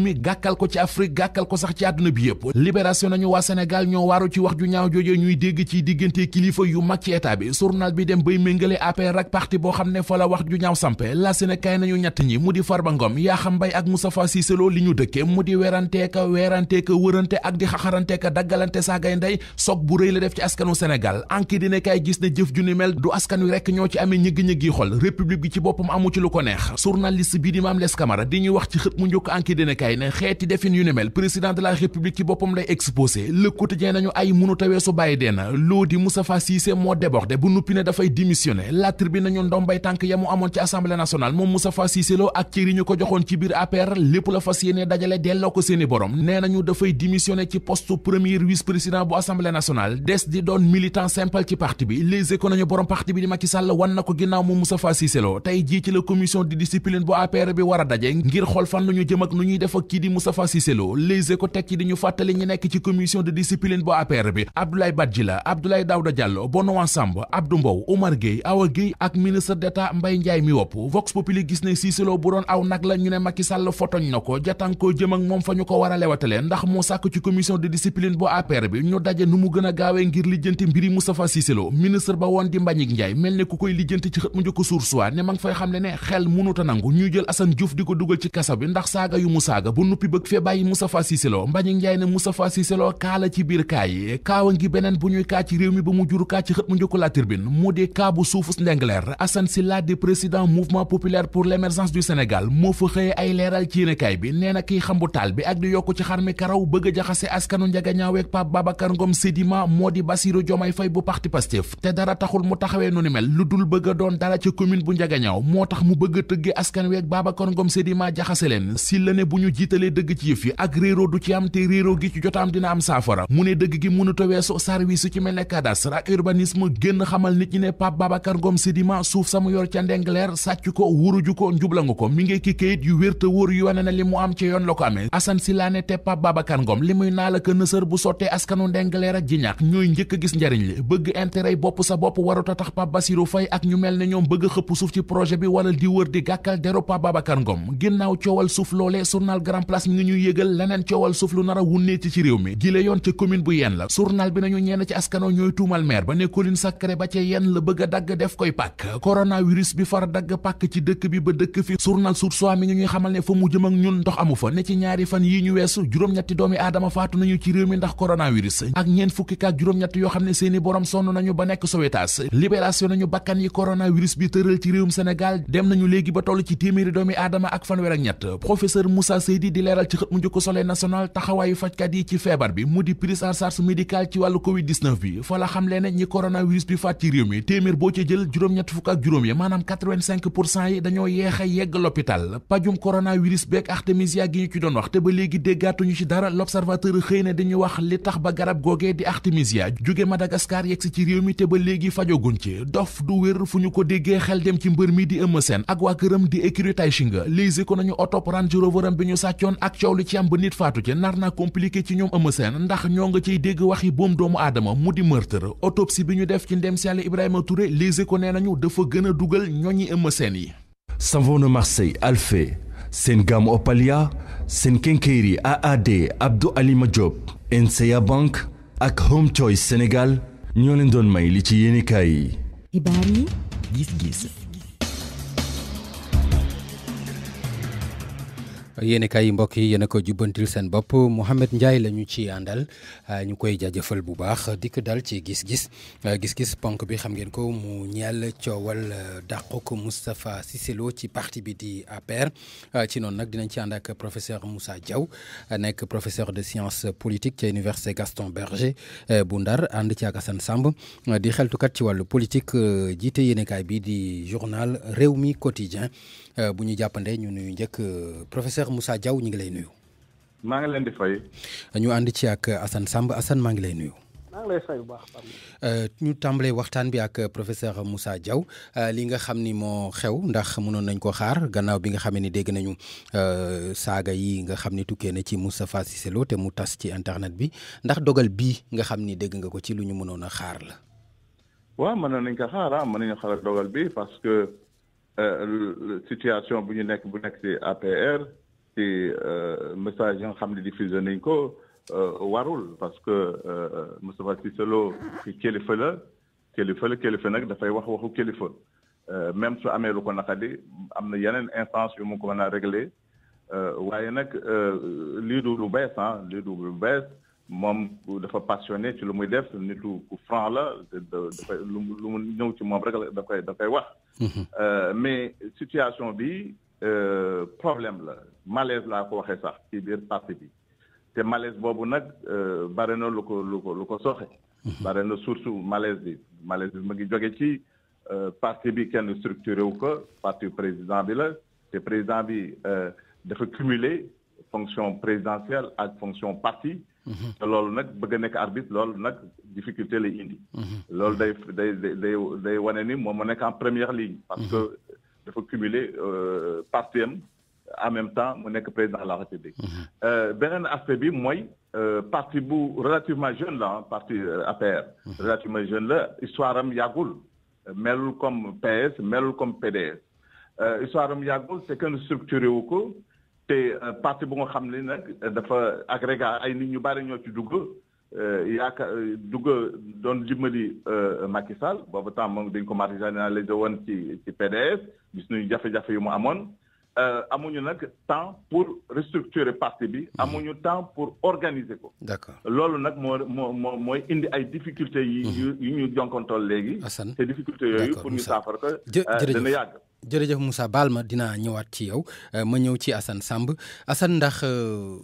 ko ci Afrique gàkkal ko sax ci àdduna bi yëpp libération nañu waa Sénégal ñoo waaru ci wax ju ñaaw jooje ñuy dégg ci diggante kilifa yu mag ci état bi journal bi dem bay méngale APR ak parti boo xam ne fa la wax ju ñaaw sampe la Sénégal nañu ñett ñi mu di far Farba Ngom Yakham Mbaye ak Moustapha Cissé Lo li ñu dëkke mu di weranteeka weeranteeka wërante ak di xaxaranteeka daggalante saagay ndey soog bu rëy la def ci askanu Sénégal anki dina kay gis ne jëf ju ni mel du askan wi rekk ñoo ci amee ñëgg-ñëggi xol république bi ci boppam amu ci lu ko neex journaliste bi di di ñuy wax ci xët mu njëkk anki dina kay président de la république ci boppam boppam lay ne nañu dafay démissionné ci poste premier vice président bu assemblée nationale des di doon militant simple ci parti bi les éco nañu borom parti bi di Macky Sall wan ko ginnaaw moom Moustapha Cissé Lo tey jii ci la commission de discipline bu APR bi war daje ngir xool fan la ñu jëm ak nu ñuy def ak kii di Moustapha Cissé Lo les éco teg ci di ñu fàttali ñi nekk ci commission de discipline bu APR bi Abdoulaye Badji la Abdoulaye Daouda Diallo Benoît Samb Abdou Mbow Omar Gueye Awa Gueye ak ministre d'État Mbaye Ndiaye mi wopp Vox Populi gis ne Cissé Lo bu doon aw nag la ñu ne Macky Sall fotoñ na ko jatankoo jëm ak moom fa ñu ko war a lewatale ndax moo sàkk ci commission de discipline bu APR bi ñu daje nu mu gën a gaawee ngir lijjanti mbiri Moustapha Cissé Lo ministre ba woon di Mbagnick Ndiaye mel ne ku koy lijjanti ci xët mu njëkk Source A ne ma ngi fay di ko dugal bi ndax saaga ne Moustapha Cissé Lo kaa la ci biir kaa yi kaawa ngi beneen bu ñuy kaa ci réew mi ba mu juru kaa ci xët mu njëkk la Tribune mu di kaa bu suufus ndengleer Assane Sylla di président mouvement populaire pour l'émergence du Sénégal moo fa xëye ay leeral ci yéenekaay bi nee na kiy xambu taal bi ak di yokk ci xar mi karaw bëgg a jaxase askanu njagañaaweeg Pape Babacar Ngom Sedima moo di Bassirou Diomaye fay bu parti Pastef te dara taxul mu taxawee nu ni mel lu dul bëgg doon dara ca commune bu njagañaaw moo tax mu bëgg a tëgge askan weeg Babacar Ngom Sedima jaxase leen si la bu ñu jiitalee dëgg ci yëf yi du ci am te réeroo gi ci jotaam dina am saafara mu ne dëgg gi mënuta weesu service su ci mel ne cadastre ak urbanisme génn xamal nit ñi ne Pape Babacar Ngom Sedima suuf samu yor ca Ndengleer sàcc ko wuruju ko njublangu ko mi ngi ki kayit yu wér te wóor yu wane na li mu am ci yoon la ko amee Assane Sylla ne te Pape Babacar Ngom li muy naa la ko nësër bu sottee askanu Ndengleer ak jiñaax ñooy njëkk a gis njariñ li bëgg intérêt bopp sa bopp warut a tax Pape Bassirou Faye ak ñu mel ne ñoom xëpp suuf ci projet bi wala di di gàkkal deru Pape Babacar Ngom ginnaaw coowal suuf loolee journal Grand Place ñuy yëgal leneen coowal suuf lu métti ci réew mi gile yoon ca commune bu yenn la journal bi nañu ñenn ci askano ñooy tuumal maire ba ne Colline Sacré ba ca yenn la bëgg a dagg def koy pàkk coronavirus bi far dagg pàkk ci dëkk bi ba dëkk fi journal Source A mi ñuy xamal ne fa mu jëm ñun ndox amu fa ne ci ñaari fan yii ñu weesu juróom-ñetti doomi aadama faatu nañu ci réew mi ndax coronavirus ak ñeen fukki kaak juróom-ñett yoo xam ne seeni borom sonn nañu ba nekk Sowetaas libération nañu fajkat yi ci feebar bi mu di prise en charge médicale ci wàllu covid 19 bi fa la xam lee ne ñi coronavirus bi faat ci réew mi téeméer boo ci jël juróom-ñett fukk ak juróom yi maanaam yi dañoo yeex a yegg l'hôpital pajum coronavirus beeg artémisia gi ñu ci doon wax te ba léegi déggaatuñu ci dara l'observateur xëy na dañu wax li tax ba garab googee di artémisia jóge Madagascar yegg si ci réew mi te ba léegi fajoguñ ci dof du wér fu ñu ko déggee xel dem ci mbër mi di Eumeu Sène ak waa këram di écurie Tay Shinga léegi ko nañu otop bi ñu sàccoon ak coow li ci am compliqué ci ñoom Eumeu Sène ndax ñoo nga ciy dégg waxi boom doomu aadama mu di meurtre autopsie bi ñu def ci ndem si Yàlla Ibrahima Touré Les Échos nee nañu dafa gën a dugal ñoñi Eumeu Sène yi savon de Marseille Alphé seen gamme Opalia seen kenkeeri AAD Abdou
Alima Diop NCA Bank ak Home Choice Sénégal ñoo leen doon may li ci yéenekaay yi. xibaar yi gis-gis.
yéen kay mbokk yi yéen a ko jubbantil seen bopp Mouhamed Ndiaye la ñu ci àndal ah, ñu koy jaajëfal bu baax dikk dal ci gis-gis ah, gis-gis ponk bi xam ngeen ko mu ñeel coowal ah, dàquk Moustapha Cissé ci parti bi di APR ci noonu nag dinañ ci ànd ak professeur Moussa Diaw nekk professeur de sciences politiques ci université Gaston Berger bu Ndar ànd ci ak Assane Samb di xeltukat ci wàllu politique jiite yéen kay bi di journal Rewmi Quotidien bu ñu jàppandee ñu nuyu njëkk professeur. Cheikh jaw ñu ngi lay nuyu.
maa ngi leen di fay.
ñu ànd ci ak asan Samb Assane maa ngi lay nuyu. maa euh, ñu tàmbalee waxtaan bi ak professeur Moussa jaw euh, li nga xam ni moo xew ndax mënoon nañ ko xaar gannaaw bi nga xamee ni dégg nañu euh, saaga yi nga xam ni tukkee na ci Moustapha Cissé Lo te mu tas ci internet bi ndax dogal bii nga xam ni dégg nga ko ci lu ñu mënoon a xaar la.
waaw mën nañ ko xaar ah, mën nañu xaar dogal bi parce que situation bu ñu nekk bu nekk ci APR. te euh, message yi nga xam ne diffusé nañ ko euh, warul parce que euh, Moustapha Cissé Lo kilifa la kilifa la kilifa nag dafay wax waxu kilifa même su amee lu ko naqadi am na yeneen instance yu mu ko mën a réglé waaye nag lii du lu bees ah lii du lu bees da dafa passionné ci lu muy def nitu ku franc la dafay lu mu ñëw ci moom rek da koy da koy wax mm-hmm. mais situation bi euh, problème la malaise la ko waxe sax ci bir parti bi te malaise bobu nak euh, bare na lu ko lu ko lu ko soxe mhm. source malaise bi malaise bi ma ngi jóge ci euh, parti bi kenn structuré wu ko parti président bi la te président bi cumuler fonction présidentielle à fonction parti mhm. te loolu nak bëgg nek arbitre loolu nak difficulté lay indi mhm. loolu day day day day wane ni moi mo nek en première ligne parce que il faut cumuler euh, partem en même temps mon équipe président de la république mhm. euh, beneen aspect bi euh, parti bou relativement jeune là, hein, parti euh, APR mhm. relativement jeune là histoire am Yagoul, melul comme PS melul comme PDS histoire am Yagoul, c'est que structuré wu c'est un parti bu nga xam ne dafa agrégat ay nit ñu bari ñoo ci dugg euh, yaakaar euh, dugg doon dimbali euh, Macky Sall boobu temps moom dañ ko marginalisé woon ci ci PDS gis nañu jafe-jafe yu mu amoon amuñu nag temps pour restructurer parti bi. Mhm. amuñu temps pour organiser ko. d'accord loolu nag moo moo mooy indi ay difficultés yi. Mhm. yu ñu jonkontool léegi. Assane te difficultés yooyu pour ñu saafara ko. dana yàgg.
jërëjëf musa baal ma dina ñëwaat ci yow euh, ma ñëw ci Assane Samb Assane ndax euh,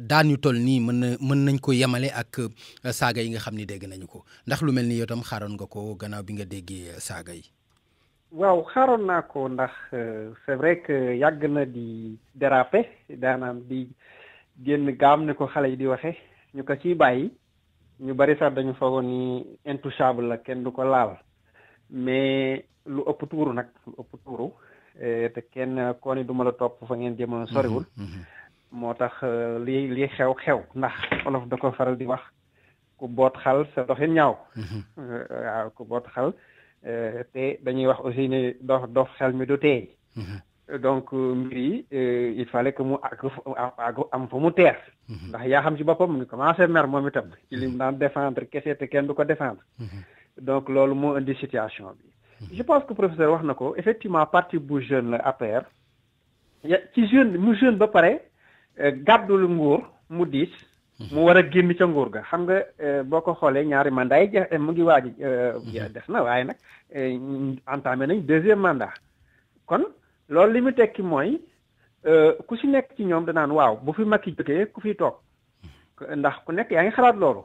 daan yu toll nii mën na mën nañ ko yemale ak euh, saaga yi nga xam ni dégg nañu ko ndax lu mel ni yow tam xaaroon nga ko gannaaw bi nga déggee saaga yi.
waaw xaaroon naa ko ndax c'est vrai que yàgg na di déraper daanaam di génn gaam ni ko xale yi di waxe ñu ko ciy bàyyi ñu bari sax dañu foogoon ni intouchable la kenn du ko laal. mais lu ëpp tuuru nag lu ëpp tuuru eh, te kenn koo ni du ma la topp fa ngeen jëm soriwul mm-hmm, mm-hmm. moo tax eh, li li xew xew ndax olof da ko faral di wax ku boot xal sa doxin ñaaw mm-hmm. eh, waaw ku boot xal te dañuy wax aussi ne dox dox xel mi du teey donc mbir yi il fallait que mu àgg am fa mu teer ndax yaa xam ci boppam ni ngi commencé mer moom itam ci li daan défendre kese te kenn du ko défendre donc loolu moo indi situation bi mhm. je pense que professeur wax na ko effectivement parti bu jeune la APR ci jeune mu jeune ba pare euh, gàddul nguur mu diis mhm. mu war a génn ca nguur ga xam nga euh, boo ko xoolee ñaari mandat yi mu ngi waaj euh, mhm. def na waaye nag entamé nañ deuxième mandat kon loolu li mu tekki mooy ku si nekk ci ñoom danaan waaw bu fi Macky jógee ku fi toog ndax ku nekk yaa ngi xalaat loolu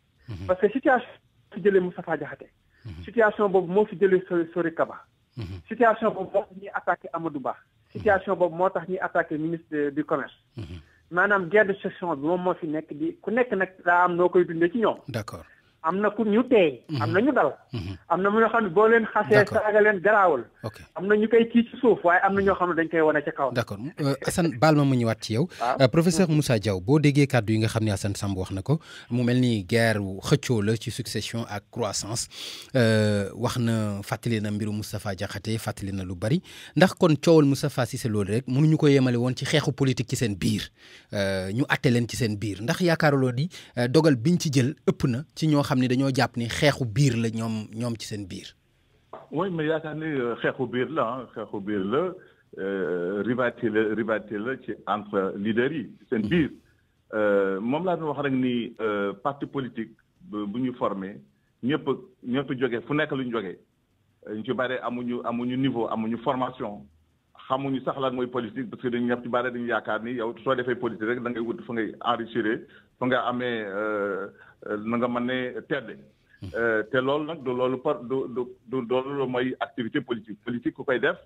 Mhm. parce que situation fi jëlee Moustapha Diakhaté mhm. situation boobu moo fi jëlee Sori Sori Kaba mhm. situation boobu moo tax ñuy attaqué Amadou Ba situation boobu moo tax ñuy attaqué ministre du commerce maanaam guerre de gestion bi moom moo fi nekk di ku nekk nag daa am noo koy dundee ci ñoom d'accord am na ku ñu teey mhm. am na ñu dal mhm. am na ñoo xam ne boo leen xasee saaga leen garaawul am na ñu koy kii ci suuf waaye am na ñoo xam
ne dañ koy wane ci kaw d'accord euh, Assane baal ma mu ñëwaat ci yow ah. euh, professeur Moussa Diaw boo déggee kàddu yi nga xam ne Assane Samb wax na ko mu mel ni guerre xëccoo la ci succession ak croissance euh, wax na fàttali na mbiru Moustapha Diakhaté fàttali na lu bari ndax kon coowal Moustapha Cissé loolu rek mënuñu ko yemale woon ci xeexu politique ci seen biir ñu atte leen ci seen biir ndax yaakaaruloo di dogal biñ ci jël ëpp na ci ñoo xamni dañu japp ni xexu biir la ñom ñom ci seen biir.
oui mais yaaka ni xexu biir la xexu euh, xeexu biir la hein, euh, rivalité la rivalité la ci entre leader yi seen mm-hmm. biir euh, mom la doon wax rek ni parti politique bu ñu formé ñëpp ñëpp joggé fu nekk luñu joggé ñu ci bari amuñu amuñu niveau amuñu formation xamuñu sax lan mooy politique parce que dañu ñëpp ci bari dañu yaakaar ni yow soo defee politique rek da ngay wut fa ngay enrichir fa nga amee. na nga mané eh, tedd euh té lool nak du loolu par du du du loolu moy activité politique politique ku koy def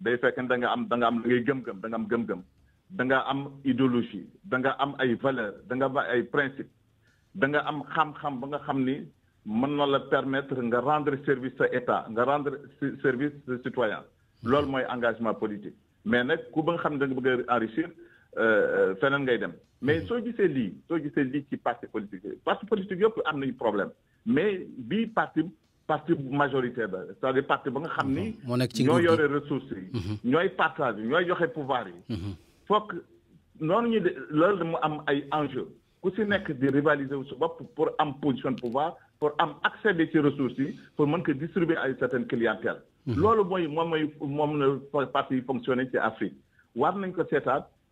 day fekk da nga am da nga am ngay gëm-gëm da nga am gëm-gëm da nga am idéologie da nga am ay valeur da nga ay principe da nga am xam-xam ba nga xam ni mën na la permettre nga rendre service sa état nga rendre service sa citoyen lool moy engagement politique mais nak ku ba nga xam da nga bëgg enrichir Euh, euh, feneen ngay dem mais mhm. soo gisee lii soo gisee lii ci parti politique parti politique yëpp am nañu problème mais bii parti parti majoritaire la c'est-à-dire parti ba nga xam ni. Mhm. moo nekk ci ñoo yore ressources yi. Mhm. ñooy partage yi ñooy joxe pouvoir yi. fokk noonu ñu de loolu mu am ay enjeux ku si nekk di rivaliser wu sa bopp pour am position de pouvoir pour am accès ci ressources yi pour mën ko distribuer ay certaines clientèle loolu mooy moom mooy moom la parti yi fonctionné ci Afrique war nañ ko seetaat.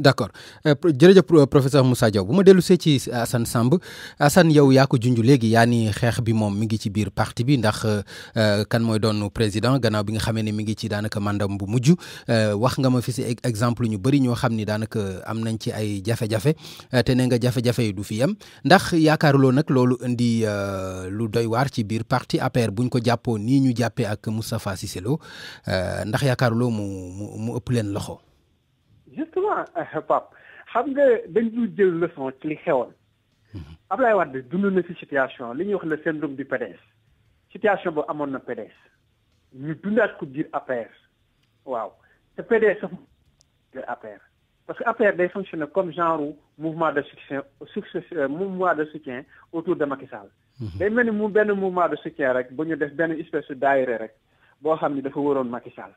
d' accord euh, jërëjëf professeur Moussa Diaw bu ma dellu see ci Assane Samb assan yow yaa ko junj léegi yaa ni xeex bi moom mi ngi ci biir parti bi ndax euh, euh, kan mooy doon président gannaaw bi nga xamee ne mi ngi ci daanaka mandam bu mujj wax nga ma fi si exemple ñu bëri ñoo xam ni daanaka am nañ ci ay jafe-jafe te ne nga jafe-jafe du fi yem ndax yaakaaruloo nag loolu indi lu doy waar ci biir parti APR buñ ko jàppoo nii ñu jàppee ak si Cissé Lo ndax yaakaaruloo mu mu mu ëpp leen loxo.
justement euh, euh, Pape xam nga dañu jël leçon ci li xewoon mhm. Ablaye Wade dund na fi situation li ñuy wax le syndrome du PDS situation bu amoon na PDS ñu dundaat ko biir APR waaw te PDS sax APR parce que APR day fonctionner comme genre mouvement de soutien succès euh, mouvement de soutien autour de Macky Sall. Mhm. day mel ni mu benn mouvement de soutien rek ba ñu def benn espèce de daayira rek boo xam ni dafa waroon Macky Sall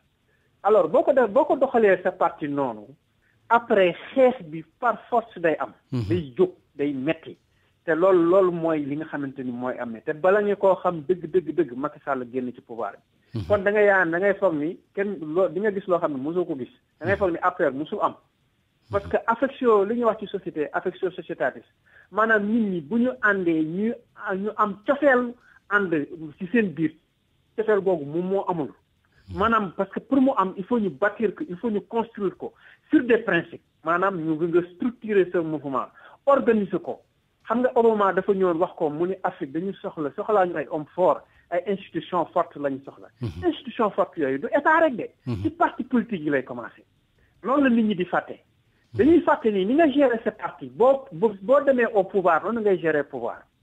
alors boo ko def boo ko doxalee sa parti noonu après xeex bi par force day am mhm. day jóg day metti te loolu loolu mooy li nga xamante ni mooy am te bala nga koo xam dëgg dëgg dëgg Macky Sall génn ci pouvoir bi mhm. kon da nga yaan da ngay foog ni kenn loo di nga gis loo xam ne mosoo ko gis da ngay mhm. foog ni après mosul am parce que affection li ñuy wax ci société affection sociétatis maanaam nit ñi bu ñu àndee ñu ñu am cofeel ànd ci seen biir cofeel boobu moom moo amul maanaam parce que pour mu am il faut ñu bâtir ko il faut ñu construire ko sur des principes maanaam ñu voulons nga structurer ce mouvement organiser ko xam nga Obama dafa ñëwoon wax ko mu ni Afrique dañu soxla soxlaa ñu ay hommes forts ay institutions fortes lañu ñu soxla. Mhm. institutions fortes yooyu du état rek de. Mhm. ci parti politique yi lay commencé. loolu la nit ñi di fàtte. dañuy fàtte ni ni nga gérer sa parti boo boo demee au pouvoir noonu ngay gérer pouvoir.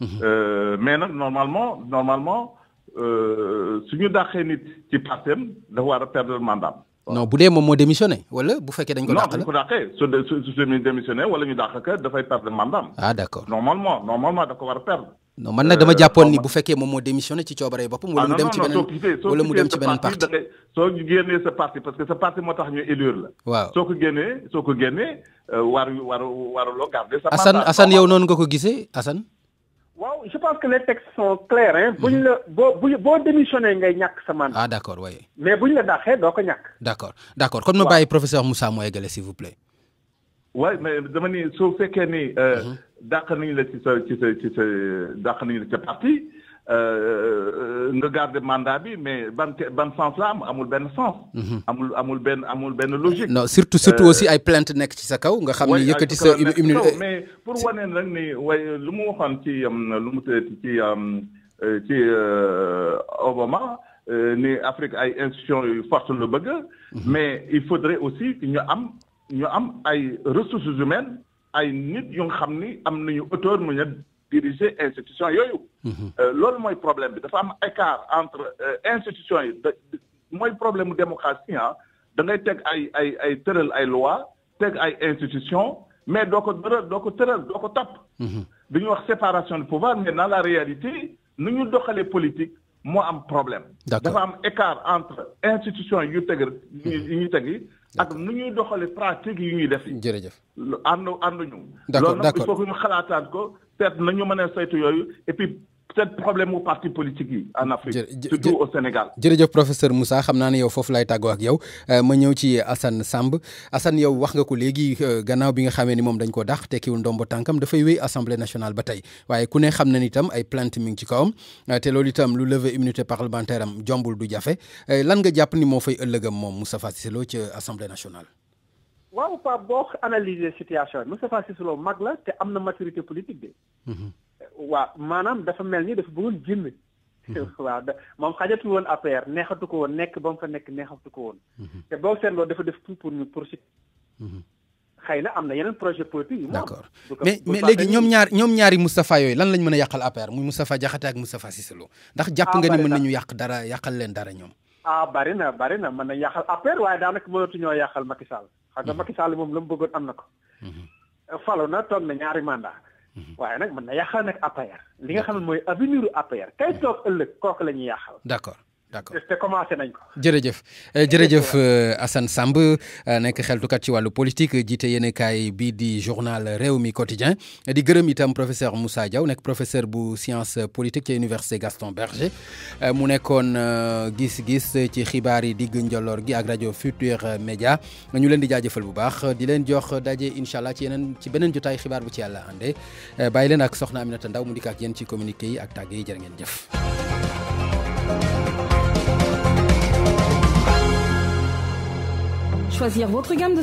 Mhm. Euh, mais nag normalement normalement euh, su ñu dàqee nit ci partem da wara perdre le mandat
non bu dee mo moo démissionné wala
bu féké dañ ko dàq non ko dàqee su dee su ñu démissionné wala ñu dàq ka fay perdre le mandat ah d'accord normalement normalement da ko wara perdre.
non man nak dama euh, japon ni bu féké moom mo démissionné ci coobaree bop ah, wala mu dem ci benen wala mu dem ci benen
parti. soo génnee ce parti parce que ce parti moo tax ñu élure la. waaw soo ko génnee soo ko génnee waru waru waruloo garder. sa mandat asan Assane yow non nga ko gissé asan Wow,
je pense que les textes sont clairs hein. bu ñu mhm. la bo, boo démissionné ngay ñak sa mandat. ah
d'accord, accord oui. mais buñ la dàqee doo ko ñàkk. D'accord. D'accord, d' accord me ma professeur Moussa mu s'il vous plaît.
Oui, mais dama ni so fekkee ni. Euh, mhm. dakh nañu la ci ci ci dakh nañu la ci parti. Euh, euh, nga garder mandat bi mais ban ban sens la amul ben sens. Mhm. amul amul ben amul ben logique. non surtout surtout euh, aussi ay
plainte nek ci sa kaw. nga xamni yëkëti sa immunité mais
pour wane nak ni way lu mu waxoon ci lu mu tëddee ci ci Obama ni Afrique ay institution yu forte le bëgg. Mhm. mais il faudrait aussi que ñu am ñu am ay ressources humaines ay nit yu xamni xam ni am nañu autonomie diriger institution yoyu mhm. euh, lolou moy problème bi dafa am écart entre euh, institution yi problème démocratie hein da ngay tek ay ay ay tëral ay loi tek ay institution mais doo ko tëral doo ko tëral mhm. wax séparation de pouvoir mais dans la réalité nu ñu doxalee politique moo am problème. dafa am écart entre institution yu teg yu ñuy teg ak nu ñuy doxalee pratique yu ñuy def. jërëjëf ànd ànduñu. loolu nag il faut que ñu xalaataan ko a et puis problème aux parti politique en Afrique. surtout au Sénégal.
jërëjëf professeur Moussa Je sais yow êtes là ak yow euh, ma ñëw Assane Samb Assane yow wax nga ko euh, gannaaw bi assemblée nationale ba un ku ni tam, ay avez mi euh, lever immunité parlementaire am du vous lan nga ni fay un assemblée nationale
waaw Pape boo analyser situation bi Moustapha Cissé mag la te am na maturité politique de. Mhm. waaw maanaam dafa mel ni dafa bëggoon jënd. Mhm. waaw da moom xajatul woon APR neexatu ko woon nekk ba mu fa nekk neexatu ko woon. Mhm. te boo seetloo dafa def tout pour ñu pour si. xëy na am na yeneen projet politique yu mu am. d'accord mais mais léegi ñoom
ñaar ñoom ñaari Moustapha yooyu lan lañ mën a yàqal APR muy Moustapha Diakhaté ak Moustapha Cissé ndax jàpp nga ni ah, mën nañu yàq dara yàqal leen dara ñoom.
ah bari na bari na mën na yàqal APR waaye daanaka mënatuñoo yàqal Macky Sall xam mhm. nga Macky Sall moom la mu bëggoon am na ko. Mhm. falu na toog na ñaari mandat mhm. waaye nag mën na yàqal nag APR. li nga xam ne mooy avenir APR kay toog ëllëg kooku la ñuy yàqal. d'accord d'accord te commencé nañ ko.
jërëjëf eh, jërëjëf eh, Assane Samb eh, nekk xeltukat ci wàllu politique jiite yéenekaay bii di journal réew mi quotidien di gërëm itam professeur Moussa Diaw nekk professeur bu science politique ci université Gaston Berger mu nekkoon gis-gis ci xibaar yi digg gi ak radio Futur Média ñu leen di jaajëfal bu baax di leen jox daje incha allah ci yeneen ci beneen jotaay xibaar bu ci yàlla àndee bàyyi leen ak soxna Aminata Ndaw mu dikk ak yéen ci communiqué yi ak tàgg yi jërë ngeen jëf.
Choisir votre gamme de